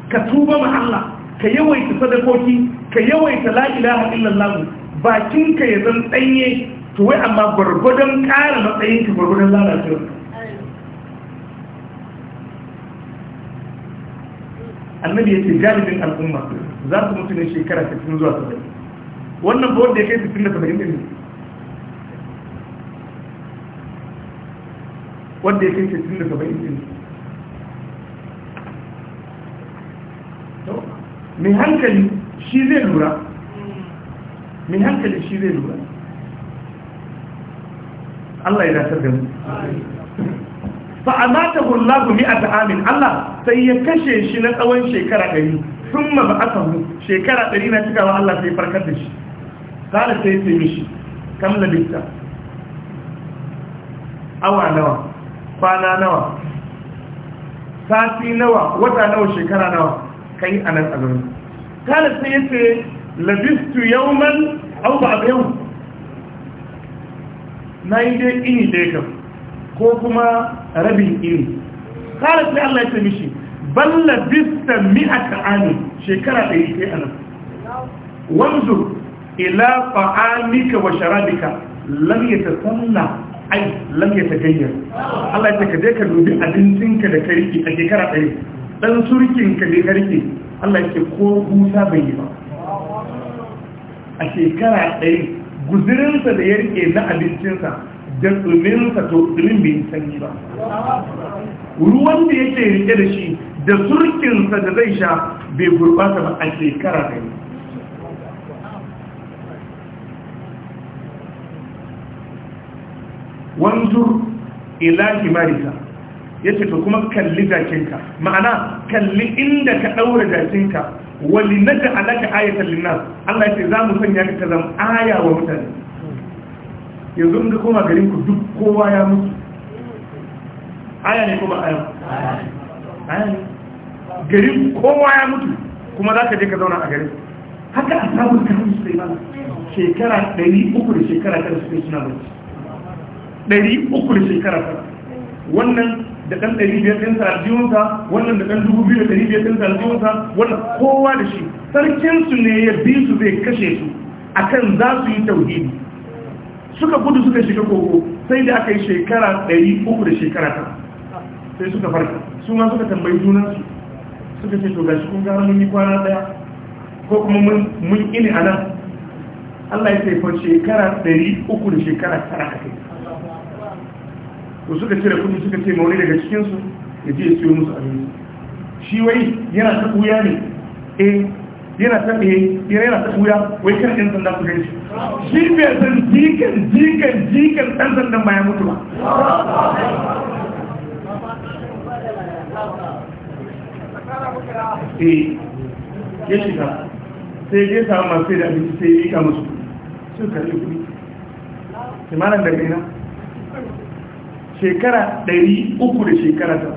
ka tuba ma Allah ka yawaita sadakoki ka yawaita la ilaha illallah bakin ka ya zan ɗanye tuwai amma gwargwadon ƙara matsayin ka gwargwadon lalacewa annabi ya ce galibin al'umma za su mutu ne shekara 60 zuwa 70 wannan ba wanda ya kai 60 da 70 ne wanda ya kai sittin da saba'in din mai hankali shi zai lura mai hankali shi zai lura Allah ya dasar da mu fa amatahu Allahu mi'ata amin Allah sai ya kashe shi na tsawon shekara ɗari. 100 thumma ba'athahu shekara ɗari na cikawa Allah sai farkar da shi kana sai ya mishi Kamla labista awa nawa kwana nawa sati nawa wata nawa shekara nawa kai a nan azumi kala sai ya ce labistu man au ba abu yau na yi dai ini dai kam ko kuma rabin ini kala sai Allah ya ce mishi ban labista a ka'ani shekara ɗaya kai a nan wanzu ila fa'amika wa sharabika lam yatasanna ai lam ya tagayyar Allah ya ka ka dubi abincinka da karki a shekara ɗari dan surkin ka da karki Allah ya ce ko busa bai yi ba a shekara ɗari guzirinsa da ya rike na abincinsa da tsuninsa to tsunin bai sanyi ba ruwan da yake rike da shi da surkinsa da zai sha bai gurɓata ba a shekara ɗari wanzur ila himarika yace to kuma kalli jakinka ma'ana kalli inda ka daura jakinka wali naja alaka ayatan linnas Allah yace za mu sanya ka ka zama aya wa mutane yanzu in ka koma garin ku duk kowa ya mutu aya ne kuma aya aya ne garin kowa ya mutu kuma za ka je ka zauna a garin haka a samun kan su sai mana shekara 300 da shekara 300 suna mutu ɗari uku da shekara wannan da ɗan ɗari biyar ɗin sa wannan da ɗan dubu biyu da ɗari biyar ɗin sa sarjiyonsa wannan kowa da shi sarkinsu ne ya bi su zai kashe su akan za su yi tauhidi suka gudu suka shiga koko sai da aka yi shekara ɗari uku da shekara ta sai suka farka su ma suka tambayi su suka ce to ga shi kun gara mun yi kwana ɗaya ko kuma mun ini a nan Allah ya taifa shekara ɗari uku da shekara tara a yi. to suka cire kudi suka ce mauni daga cikinsu ya je ya siyo musu abinci shi wai yana ta kuya ne E, yana ta ɗaya eh, yana ta kuya wai kan ɗin sanda su shi shi bai san jikan jikan jikan ɗan sandan ba ya mutu ba E, ya shiga sai ya samu masu da abinci sai ya yi ka musu suka yi kudi kimanin daga ina shekara ɗari uku da shekara ta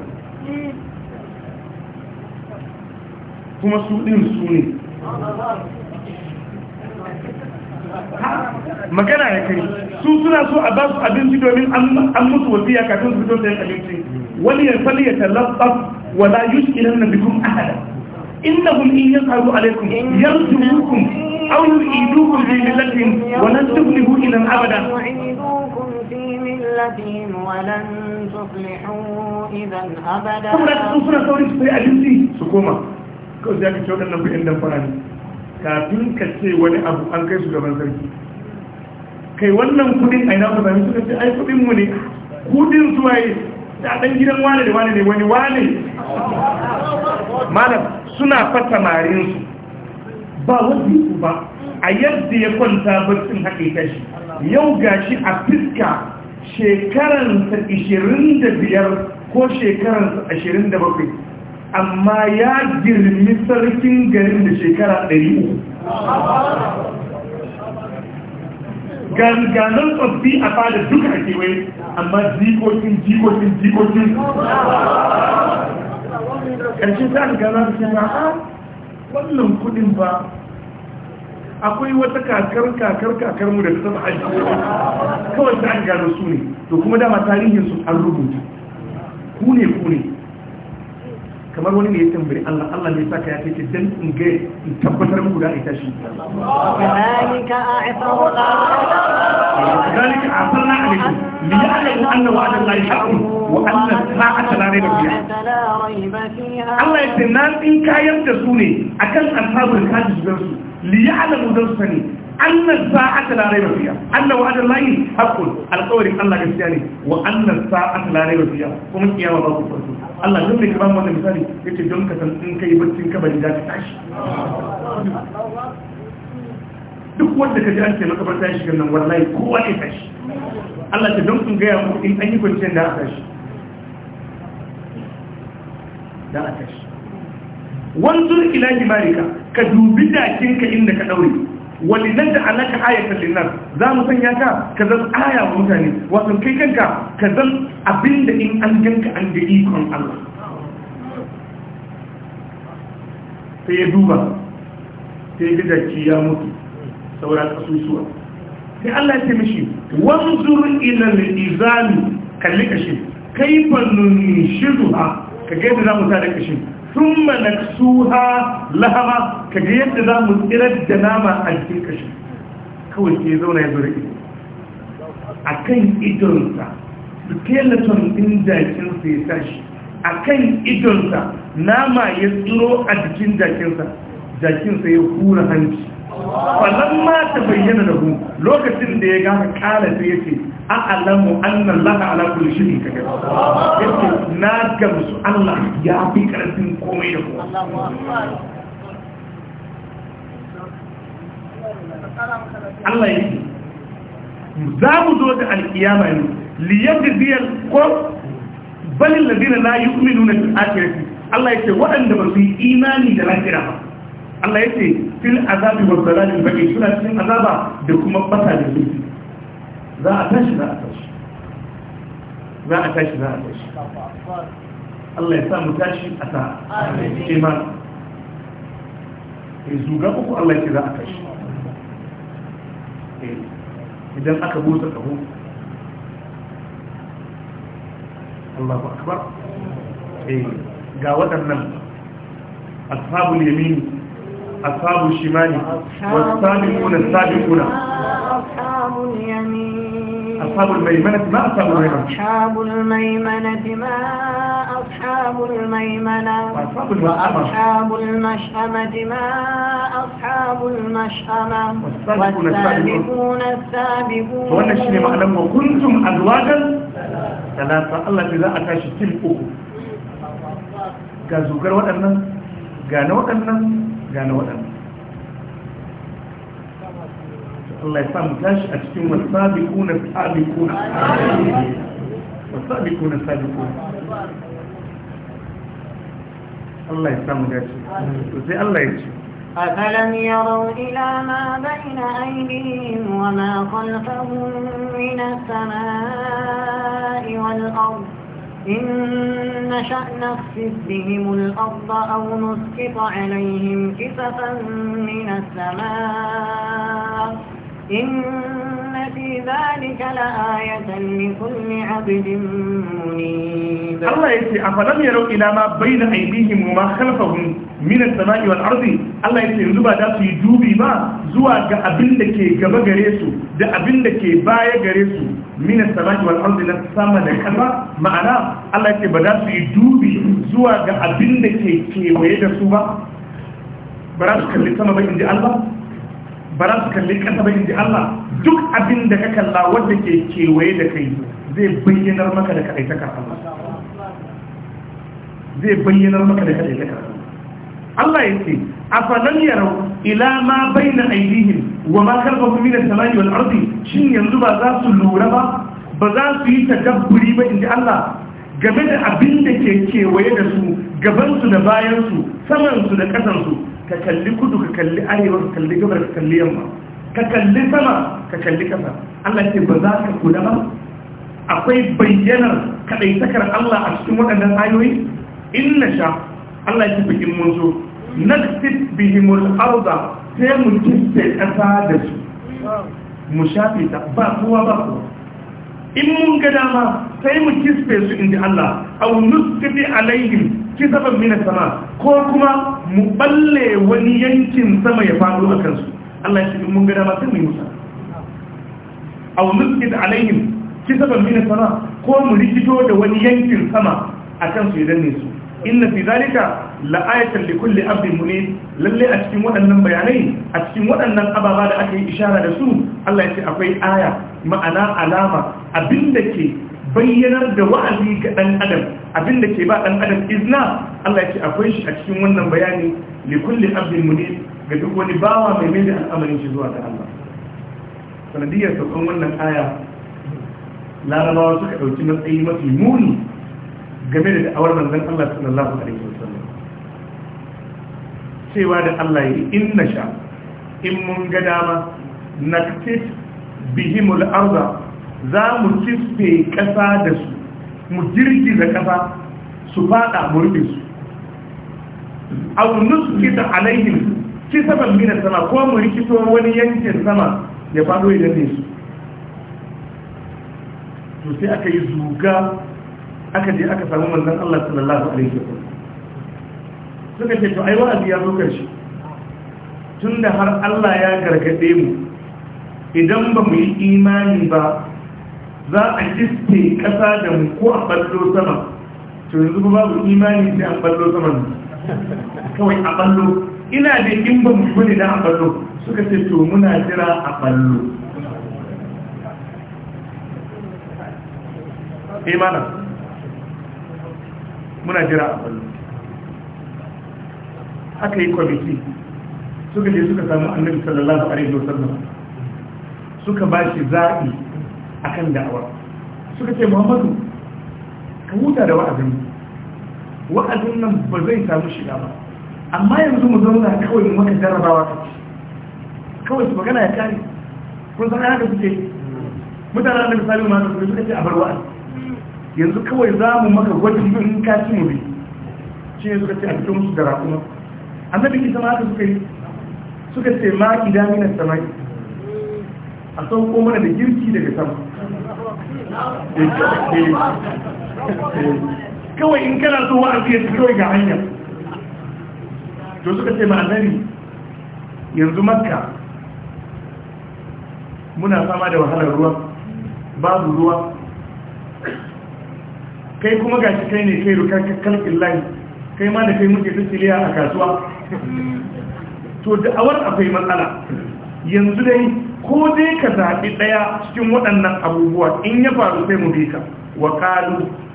kuma su ɗin su ne magana ya kai su suna so a ba su abinci domin an musu wasiya kafin su fito sayan abinci wani ya fali ya talabbab wala yushkilan na bikin ahada innahum in yasaru alaikum yarjukum aw yu'idukum bi millatin wa lan tuflihu idan abada فيهم ولن تفلحوا إذا أبدا suna saurin su sai abinci su koma kawai sai ka ce kuɗin da ne kafin ka ce wani abu an kai su gaban sarki kai wannan kuɗin a ina ku sami suka ce ai kuɗin ne kuɗin su waye da ɗan gidan ne wani malam suna fata ba wanda ba a yadda ya kwanta barcin haƙe yau gashi a fiska shekaransa 25 ko shekaransa 27 amma ya girmi sarkin garin da shekara 100 ganganar tsoffi a fada duka a kewaye amma jikokin jikokin jikokin ƙarshen ta gana da shi na wannan kudin ba akwai wata kakar kakar kakar mu da ta saba aiki kawai ta an gano su ne to kuma dama tarihin su an rubuta ku ne ku ne kamar wani ne ya tambayi Allah Allah ne saka ya ce dan in ga in tabbatar muku da ita shi kadalika a'farna kadalika a'farna alaykum liya'lamu anna wa'da Allah haqqun wa anna sa'ata la rayba fiha Allah ya ce nan in kayar da su ne akan ashabul kafir su liya'lamu don sani anna sa'ata la rayba fiha Annan wa'ada allahi haqqun alƙawarin allah gaskiya ne wa anna sa'ata la rayba fiha kuma kiyama ba ku farko allah don ne ka ba wannan misali yace don ka san in kai baccin kabari za ka tashi duk wanda ka ji an ce makabarta ya shiga nan wallahi kowa ne tashi Allah ta don kun gaya muku in an yi kwanciyar da aka tashi. da aka shi wanzur ila himarika ka dubi dakin ka inda ka daure walinan da alaka ayatan linnas za mu sanya ka zan aya wa mutane wato kai kanka ka zan abinda in an ganka an ga ikon Allah sai ya duba sai ga daki ya mutu saura kasusuwa sai Allah ya ce mishi wanzur ila al-izami kalli kashin kaifa nunshiduha ka ga yadda za mu sa da kashin sun suha lahama kaga yadda za mu tsirar da nama a cikin kashi kawai ke zauna ya zuri a kan idonsa skeleton ɗin jakinsa ya tashi a kan idonsa nama ya tsiro a jikin jakinsa jakinsa ya hura hanci falon ma ta bayyana da hu lokacin da ya gama kala sai ya ce a'lamu anna allaha ala kulli shay'in qadir yake na gamsu Allah ya fi karfin komai da komai Allah ya yake za mu zo da alkiyama ne liyajziyal ko balil ladina la yu'minuna bil akhirati Allah yake waɗanda ba su yi imani da lafiya ba Allah ya ce fil azabi wa zalalin baqi suna cikin azaba da kuma fata da zuciya za a tashi za a tashi za a tashi za a tashi Allah ya sa mu tashi a ta ce ma ya zuga uku Allah ya ce za a tashi eh, idan aka busa kaho Allahu akbar eh, ga waɗannan ashabul yamin ashabul shimali kuna sabiquna kuna. أصحاب اليمين أصحاب الميمنة ما أصحاب اليمين أصحاب الميمنة ما أصحاب الميمنة أصحاب المشأمة ما أصحاب المشأمة والسابقون السابقون وأنا الشيء معلم وكنتم أزواجا ثلاثة الله إذا أتاش تلقوا ga وأنا waɗannan ga na waɗannan الله يسامكاش أكسي والسابقون السابقون والسابقون السابقون الله يسامكاش وزي الله يسامكاش أفلم يروا إلى ما بين أيديهم وما خلفهم من السماء والأرض إن نشأ نخفف بهم الأرض أو نسقط عليهم كسفا من السماء إن في ذلك لآية لكل عبد منيب الله يسي أفلم يروا إلى ما بين أيديهم وما خلفهم من allah والأرض الله يسي ينزبا دا في دوبي ما زوا ga abin ke gaba gare su da abinda ke baya gare su min as wal ardi na sama da kasa ma'ana Allah yake ba za su dubi zuwa ga abin da ke kewaye da su ba ba za su kalli sama ba in inji Allah ba za su kalli kasa ba inji Allah duk abin da ka kalla wanda ke kewaye da kai zai bayyanar maka da kaɗaitakar Allah zai bayyanar maka da kaɗaitakar Allah ya ce a fanar yaro ila ma bai na ainihin wa ma karfa kumi da samani wani arzi shin yanzu ba za su lura ba ba za su yi tadabburi ba inji Allah game da abin da ke kewaye da su gabansu da bayansu samansu da kasansu ka kalli kudu ka kalli arewa ka kalli gabar ka kalli yamma ka kalli sama ka kalli kasa Allah ce ba za ka kula ba akwai bayyanar takar Allah a cikin waɗannan ayoyi in na sha Allah ya tafi in mun zo naksif bihimul arda sai mu kisse ƙasa da su mu shafe ta ba kowa ba kowa in mun ga dama sai mu kisfe su inji Allah aw nusbi alaihim kisaban min sama ko kuma mu balle wani yankin sama ya faru a kansu Allah ya ce mun ga dama sai mu yi musa aw nusbi alaihim kisaban min sama ko mu rikito da wani yankin sama a kansu idan ne su inna fi zalika la ayatan li kulli abdin munib lalle a cikin waɗannan bayanai a cikin waɗannan ababa da aka yi ishara da su Allah ya ce akwai aya ma'ana alama abinda ke bayyanar da wa'azi ga dan adam abinda ke ba dan adam izna Allah ya ce akwai shi a cikin wannan bayani li kulli abdin munib ga duk wani bawa mai mai da al'amarin shi zuwa ga Allah sanadiyar saukan wannan aya larabawa suka ɗauki matsayi mafi muni game da da'awar manzon Allah sallallahu alaihi wasallam cewa da Allah yi in sha in mun ga dama naktif bihimul arda za mu kisfe kasa da su mu girgiza kasa su fada murbe su aw kisa alaihim kisaban min sama ko mu rikito wani yankin sama ya fado idan ne su to sai aka yi zuga aka je aka samu manzon Allah sallallahu alaihi wa wasallam suka ce to aiwa wa'azi ya zo karshe tunda har Allah ya gargade mu idan ba mu yi imani ba za a kiste kasa da mu ko a ballo sama to yanzu ba babu imani sai a ballo sama kawai a ballo ina da in ba mu bane da a ballo suka ce to muna jira a ballo imana eh, muna jira a kwallo aka yi kwamiti suka je suka samu annabi sallallahu alaihi wasallam suka ba shi zaɓi kan da'awa suka ce muhammadu ka huta da wa'azin wa'azin nan ba zai samu shiga ba amma yanzu mu zauna kawai mu maka jarrabawa ta ce kawai su magana ya kare kun san haka suke Mutanen annabi salihu ma suka ce a bar wa'azi yanzu kawai za mu maka gwajin in ka mu biyu shi ne suka ce a cikin musu da rakuma annabi isa ma haka suka yi suka ce ma idan minas samai a sauko mana da girki daga sama eh, eh, eh. kawai in kana zo wa ya kawai ga hanya to suka ce ma annabi yanzu makka muna fama da wahalar ruwa babu ruwa kai kuma gashi kai ne kai rukar kalkin layi kai ma da kai muke tattaliya a kasuwa to da'awar akwai matsala yanzu dai ko dai ka zaɓi ɗaya cikin waɗannan abubuwa in ya faru sai mu bi ka وقالوا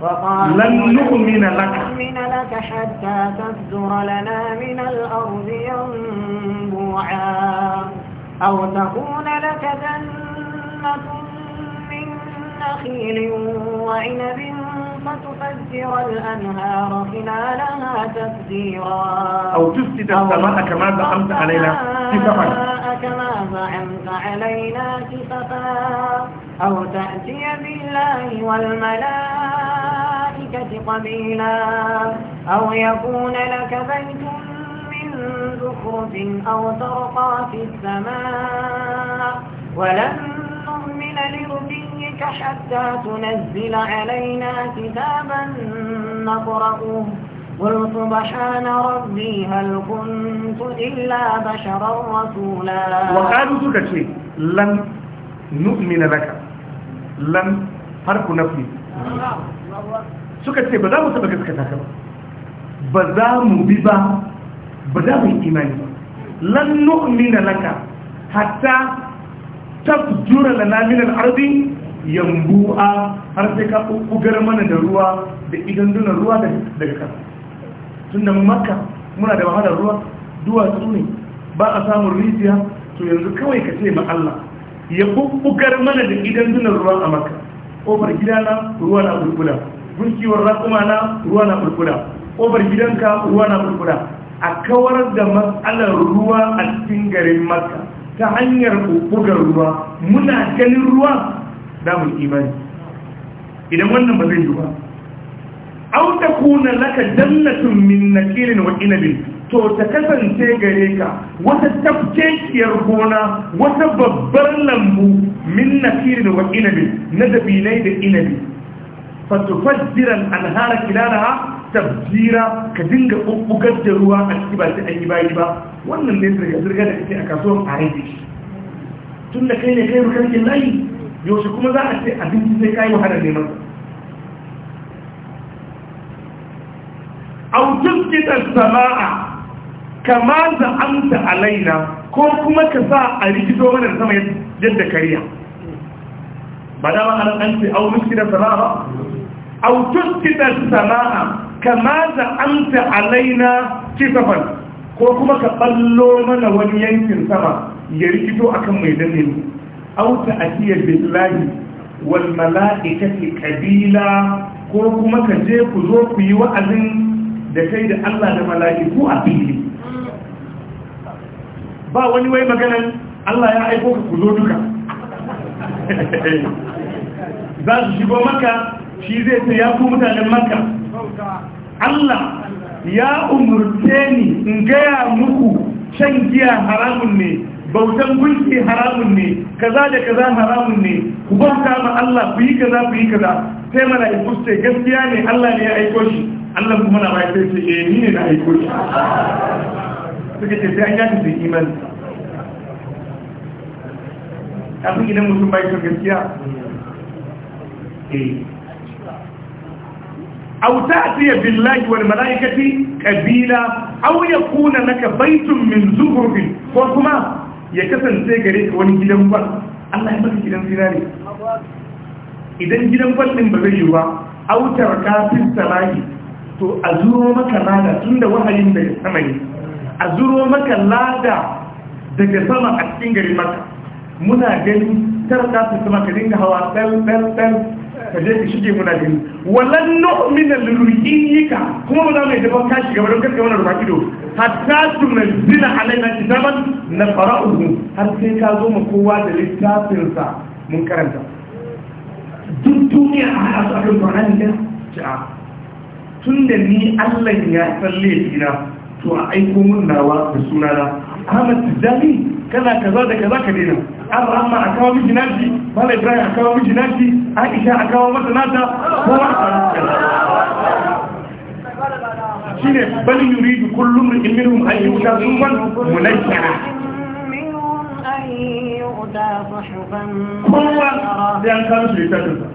لن نؤمن لك نؤمن لك حتى تصدر ثم تفجر الأنهار خلالها تفجيرا أو تفسد السماء كما زعمت علينا كسفا كما زعمت علينا أو تأتي بالله والملائكة قبيلا أو يكون لك بيت من زخرف أو ترقى في السماء ولن نؤمن لربك حتى تنزل علينا كتابا نقرأه قل سبحان ربي هل كنت إلا بشرا رسولا وقالوا شيء لن نؤمن لك لن حرف نفي سكتشي بدا مسبك سكتاك بدا مبيبا بدا بالإيمان لن نؤمن لك حتى تفجر لنا من الأرض yambu'a har sai ka kugar mana da ruwa da idan duna ruwa daga kasa tun da makka muna da wahalar ruwa duwatsu ne ba a samun rijiya to yanzu kawai ka ce ma Allah ya kugar mana da idan duna ruwa a makka ƙofar gidana ruwa na bulbula gurkiwar rakuma na ruwa na bulbula ƙofar gidanka ruwa na bulbula a kawar da matsalar ruwa a cikin garin makka ta hanyar bugar ruwa muna ganin ruwa damun imani idan wannan ba zai yi ba aw takuna laka jannatun min nakirin wa inabin to ta kasance gare ka wata tafkekiyar gona wata babbar lambu min nakirin wa inabin na dabinai da inabi fatufajjiran alhara kilalaha tabjira ka dinga bubbugar da ruwa a ciki ba sai an yi bayi ba wannan ne zirga-zirga da kake a kasuwar a rage tun da kai ne kai rukarkin layi yaushe kuma za a ce abinci sai kayi wahalar neman sa au kitan sama'a kama da amsa alaina ko kuma ka sa a rikido mana sama yadda kariya ba da ma an ce au kitan sama'a ba au kitan sama'a kama da amsa alaina kisafan ko kuma ka ballo mana wani yankin sama ya rikito akan mai danne mu auta atiyar billahi wal ke kabila ko kuma ka je ku zo ku yi wa'azin da kai da Allah da mala'iku a fili ba wani wai maganan Allah ya aiko ka ku zo duka za su shigo maka shi zai ta ya ku mutanen maka Allah ya umurce ni in gaya muku can giya haramun ne bautan gunki haramun ne kaza da kaza haramun ne ku bauta ma Allah ku yi kaza ku yi kaza sai mana ya kuste gaskiya ne Allah ne ya aiko shi Allah kuma na bai sai eh ni ne na aiko shi suka ce sai an yaki su imani abin idan mutum bai son gaskiya eh أو تأتي بالله والملائكة قبيلا أو يكون لك بيت من زهر وكما ya kasance gare ka wani gidan bal Allah ya maka gidan zinari idan gidan bal din ba zai yi ba autar kafin salahi to a zuro maka lada tun da wahayin da sama ne a zuro maka lada daga sama a cikin gari maka muna gani tara kafin sama ka dinga hawa ɗan ɗan ɗan ka je ka shige muna gani walan nu'mina liruyika kuma ba za mu yadda ka shiga don karka wannan rufa ido hatta tunzila alaina kitaban na fara'uhu har sai ka zo mu kowa da littafinsa mun karanta duk duniya a haɗa su akan Qur'ani ne ta tun da ni Allah ya san laifina to a aiko mun nawa da sunana Ahmad Tijani kana kaza da kaza ka dena an rama a kawo miji nashi Bala Ibrahim a kawo miji nashi aisha a kawo masa nata kowa a samu shi ne bali yuridu kullum rikin minhum an yi wuta zuwan munajjara kowa da an su su littafinsa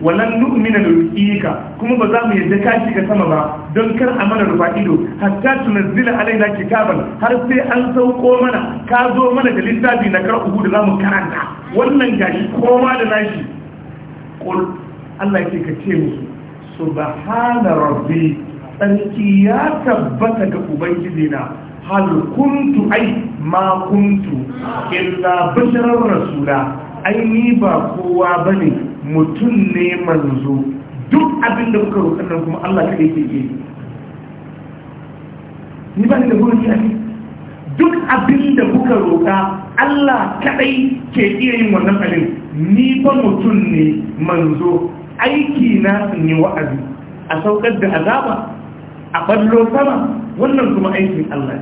walan nu'mina lika kuma ba za mu yadda ka ga sama ba don kar a mana rufa ido hatta tunazzila alaina kitaban har sai an sauko mana ka zo mana da littafi na kar ubu da zamu karanta wannan gashi kowa da nashi qul Allah yake ka ce musu subhana rabbi tsarki ya tabbata ga ubangiji na hal kuntu ai ma kuntu illa basharar rasula ai ni ba kowa bane mutum ne manzo duk abin da kuka roƙar nan kuma Allah kai ke yi ni ba ni da burin shi duk abin da kuka roƙa Allah kaɗai ke iya yin wannan abin ni ba mutum ne manzo aiki na sun yi wa'azi a saukar da azaba a ballo sama wannan kuma aikin Allah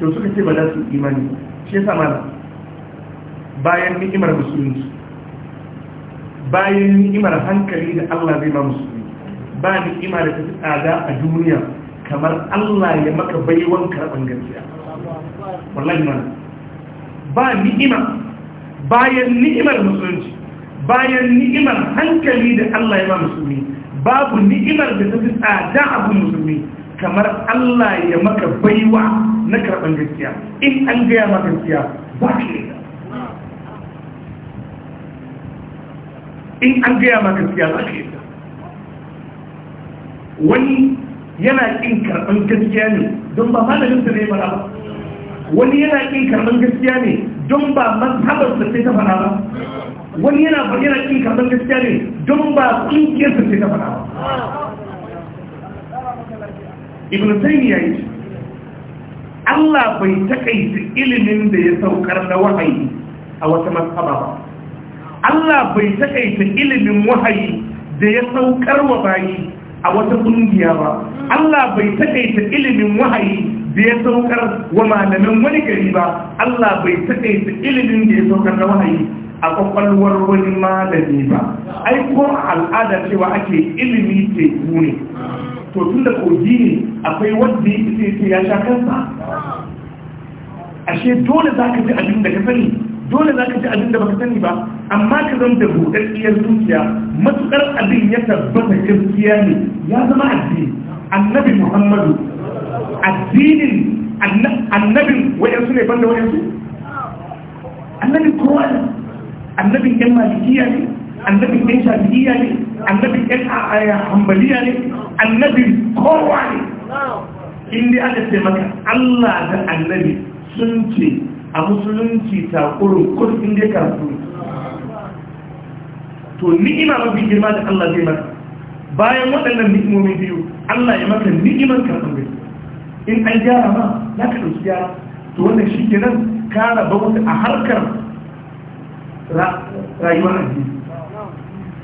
to suka ce ba za su imani shi yasa bayan ni'imar musulunci bayan ni'imar hankali da Allah zai ma musulmi ba ni'ima da ta fi tsada a duniya kamar Allah ya maka baiwan karɓar gaskiya wallahi mana ba ni'ima bayan ni'imar musulunci bayan ni'imar hankali da Allah ya ma musulmi babu ni'imar da ta fi tsada a musulmi kamar Allah ya maka baiwa na karɓar gaskiya in an gaya ma gaskiya ba ke. da in an gaya ma gaskiya za ka yadda wani yana ƙin karɓar gaskiya ne don ba malamin sa ne fara ba wani yana ƙin karɓar gaskiya ne don ba mazhabar sa sai ta fara ba wani yana yana ƙin karɓar gaskiya ne don ba ƙungiyar sa sai ta fara ba ibn ya yi. Allah bai takaita ilimin da ya saukar na wahayi a wata mazhaba ba Allah bai taƙaita ilimin wahayi da ya saukar wa bayi a wata ƙungiya ba Allah bai taƙaita ilimin wahayi da ya saukar wa malamin wani gari ba Allah bai taƙaita ilimin da ya saukar da wahayi a ƙwaƙwalwar wani malami ba ai ko al'ada cewa ake ilimi ke ne to tun da kogi ne akwai wanda ya ya sha kansa ashe dole za ka ji abin da ka sani dole za ka ji abin da baka sani ba amma ka zama da buɗaɗɗiyar zuciya matuƙar abin ya tabbata gaskiya ne ya zama addini annabi muhammadu addinin annabin wayansu ne banda wayansu annabin kowa ne annabin yan malikiya ne annabin yan shafi'iya ne annabin yan hambaliya ne annabin kowa ne inda aka ce maka allah da annabi sun ce a musulunci takurin kurkin da ya karatu to ni'ima mafi girma da Allah zai mata bayan waɗannan ni'imomi biyu Allah ya maka ni'iman karɓar gari in an gyara ma za ka ɗauki gyara to wannan shi ke nan kara bauta a harkar rayuwar addini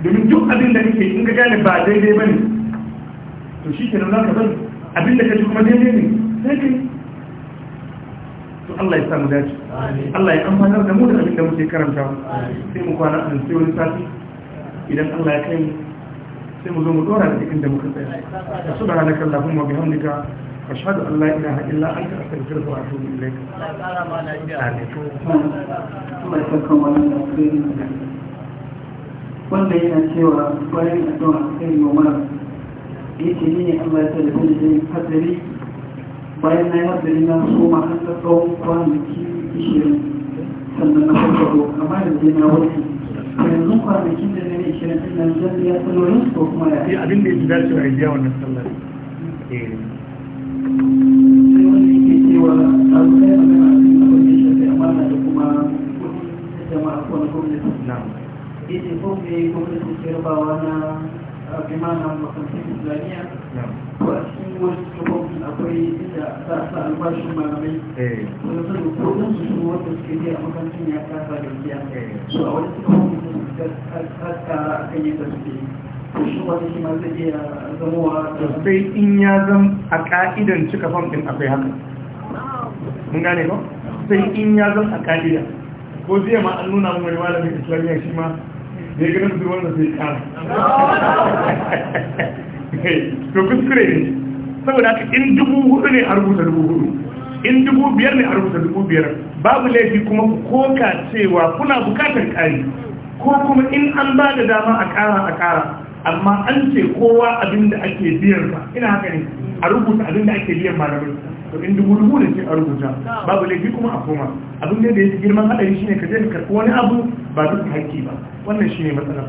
domin duk abin da kake in ka gane ba daidai ba ne to shi ke nan za ka bari abin da ka ji kuma daidai ne sai ka yi Allah ya sa mu dace Allah ya amfanar da mu da abin da muke karanta sai mu kwana a sai wani sati idan Allah ya kai sai mu zo mu dora da cikin da muka tsaya subhanaka allahumma bihamdika ashhadu an la ilaha illa anta astaghfiruka wa atubu ilaik Allah ya saka wannan da kai wanda yana cewa bayan addu'a sai mu mara yake ne Allah ya tsare da hadari bayan na yi nazari na soma har da tsawon kwanaki ishirin sannan na farfaro kamar da zai na wasu yanzu kwanakin da zai ishirin ɗin nan zan biya ko kuma ya eh, abin da ya ji ya biya wannan sallar eh. cewa a abin da ya da jama'a na gwamnati ita ko me na eh, a akwai yi a wani sai in ya zan a ka'idan cika famfin akwai haka mun gane ba sai in ya zan a ka'idan ko zai ma an nuna mun wani malamin islamiyya shi ma da ya gina su wanda sai kara to kuskure ne saboda haka in dubu hudu ne a rubuta dubu hudu in dubu biyar ne a rubuta dubu biyar babu laifi kuma ku koka cewa kuna bukatar kari ko kuma in an ba da dama a kara a kara amma an ce kowa abin da ake biyar ba ina haka ne a rubuta abin da ake biyan malamai to in dubu dubu ne ce a rubuta babu laifi kuma a koma abin da ya fi girman haɗari shine ka je ka karɓi wani abu ba duk hakki ba wannan shine matsalar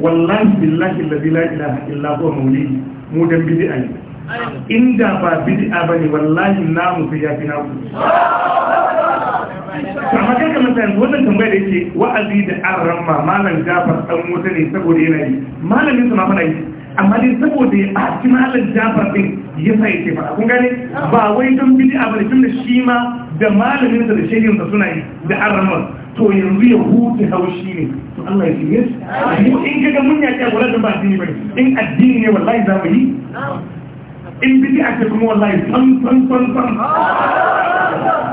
wallahi billahi allazi la ilaha illa huwa maulidi mu dan bid'a ne inda ba bid'a bane wallahi namu sai ya fi naku amma kai kan sai wannan tambaya da yake wa'azi da arran ma malam Jafar dan wuta ne saboda yana yi malamin sa ma fa yi amma dai saboda ya cikin malam Jafar din ya sa yake fa kun gane ba wai don bid'a bane tunda shi ma da malamin sa da shehin sa suna yi da arran to yanzu ya huta haushi ne to Allah ya ce yes in in ga mun yaki abu da ba addini bane in addini ne wallahi za mu yi in a kuma wallahi san san san san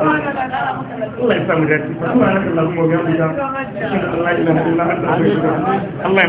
Allah ya samu dace subhanakallahumma wa bihamdika Allah ya ilaha illa anta Allah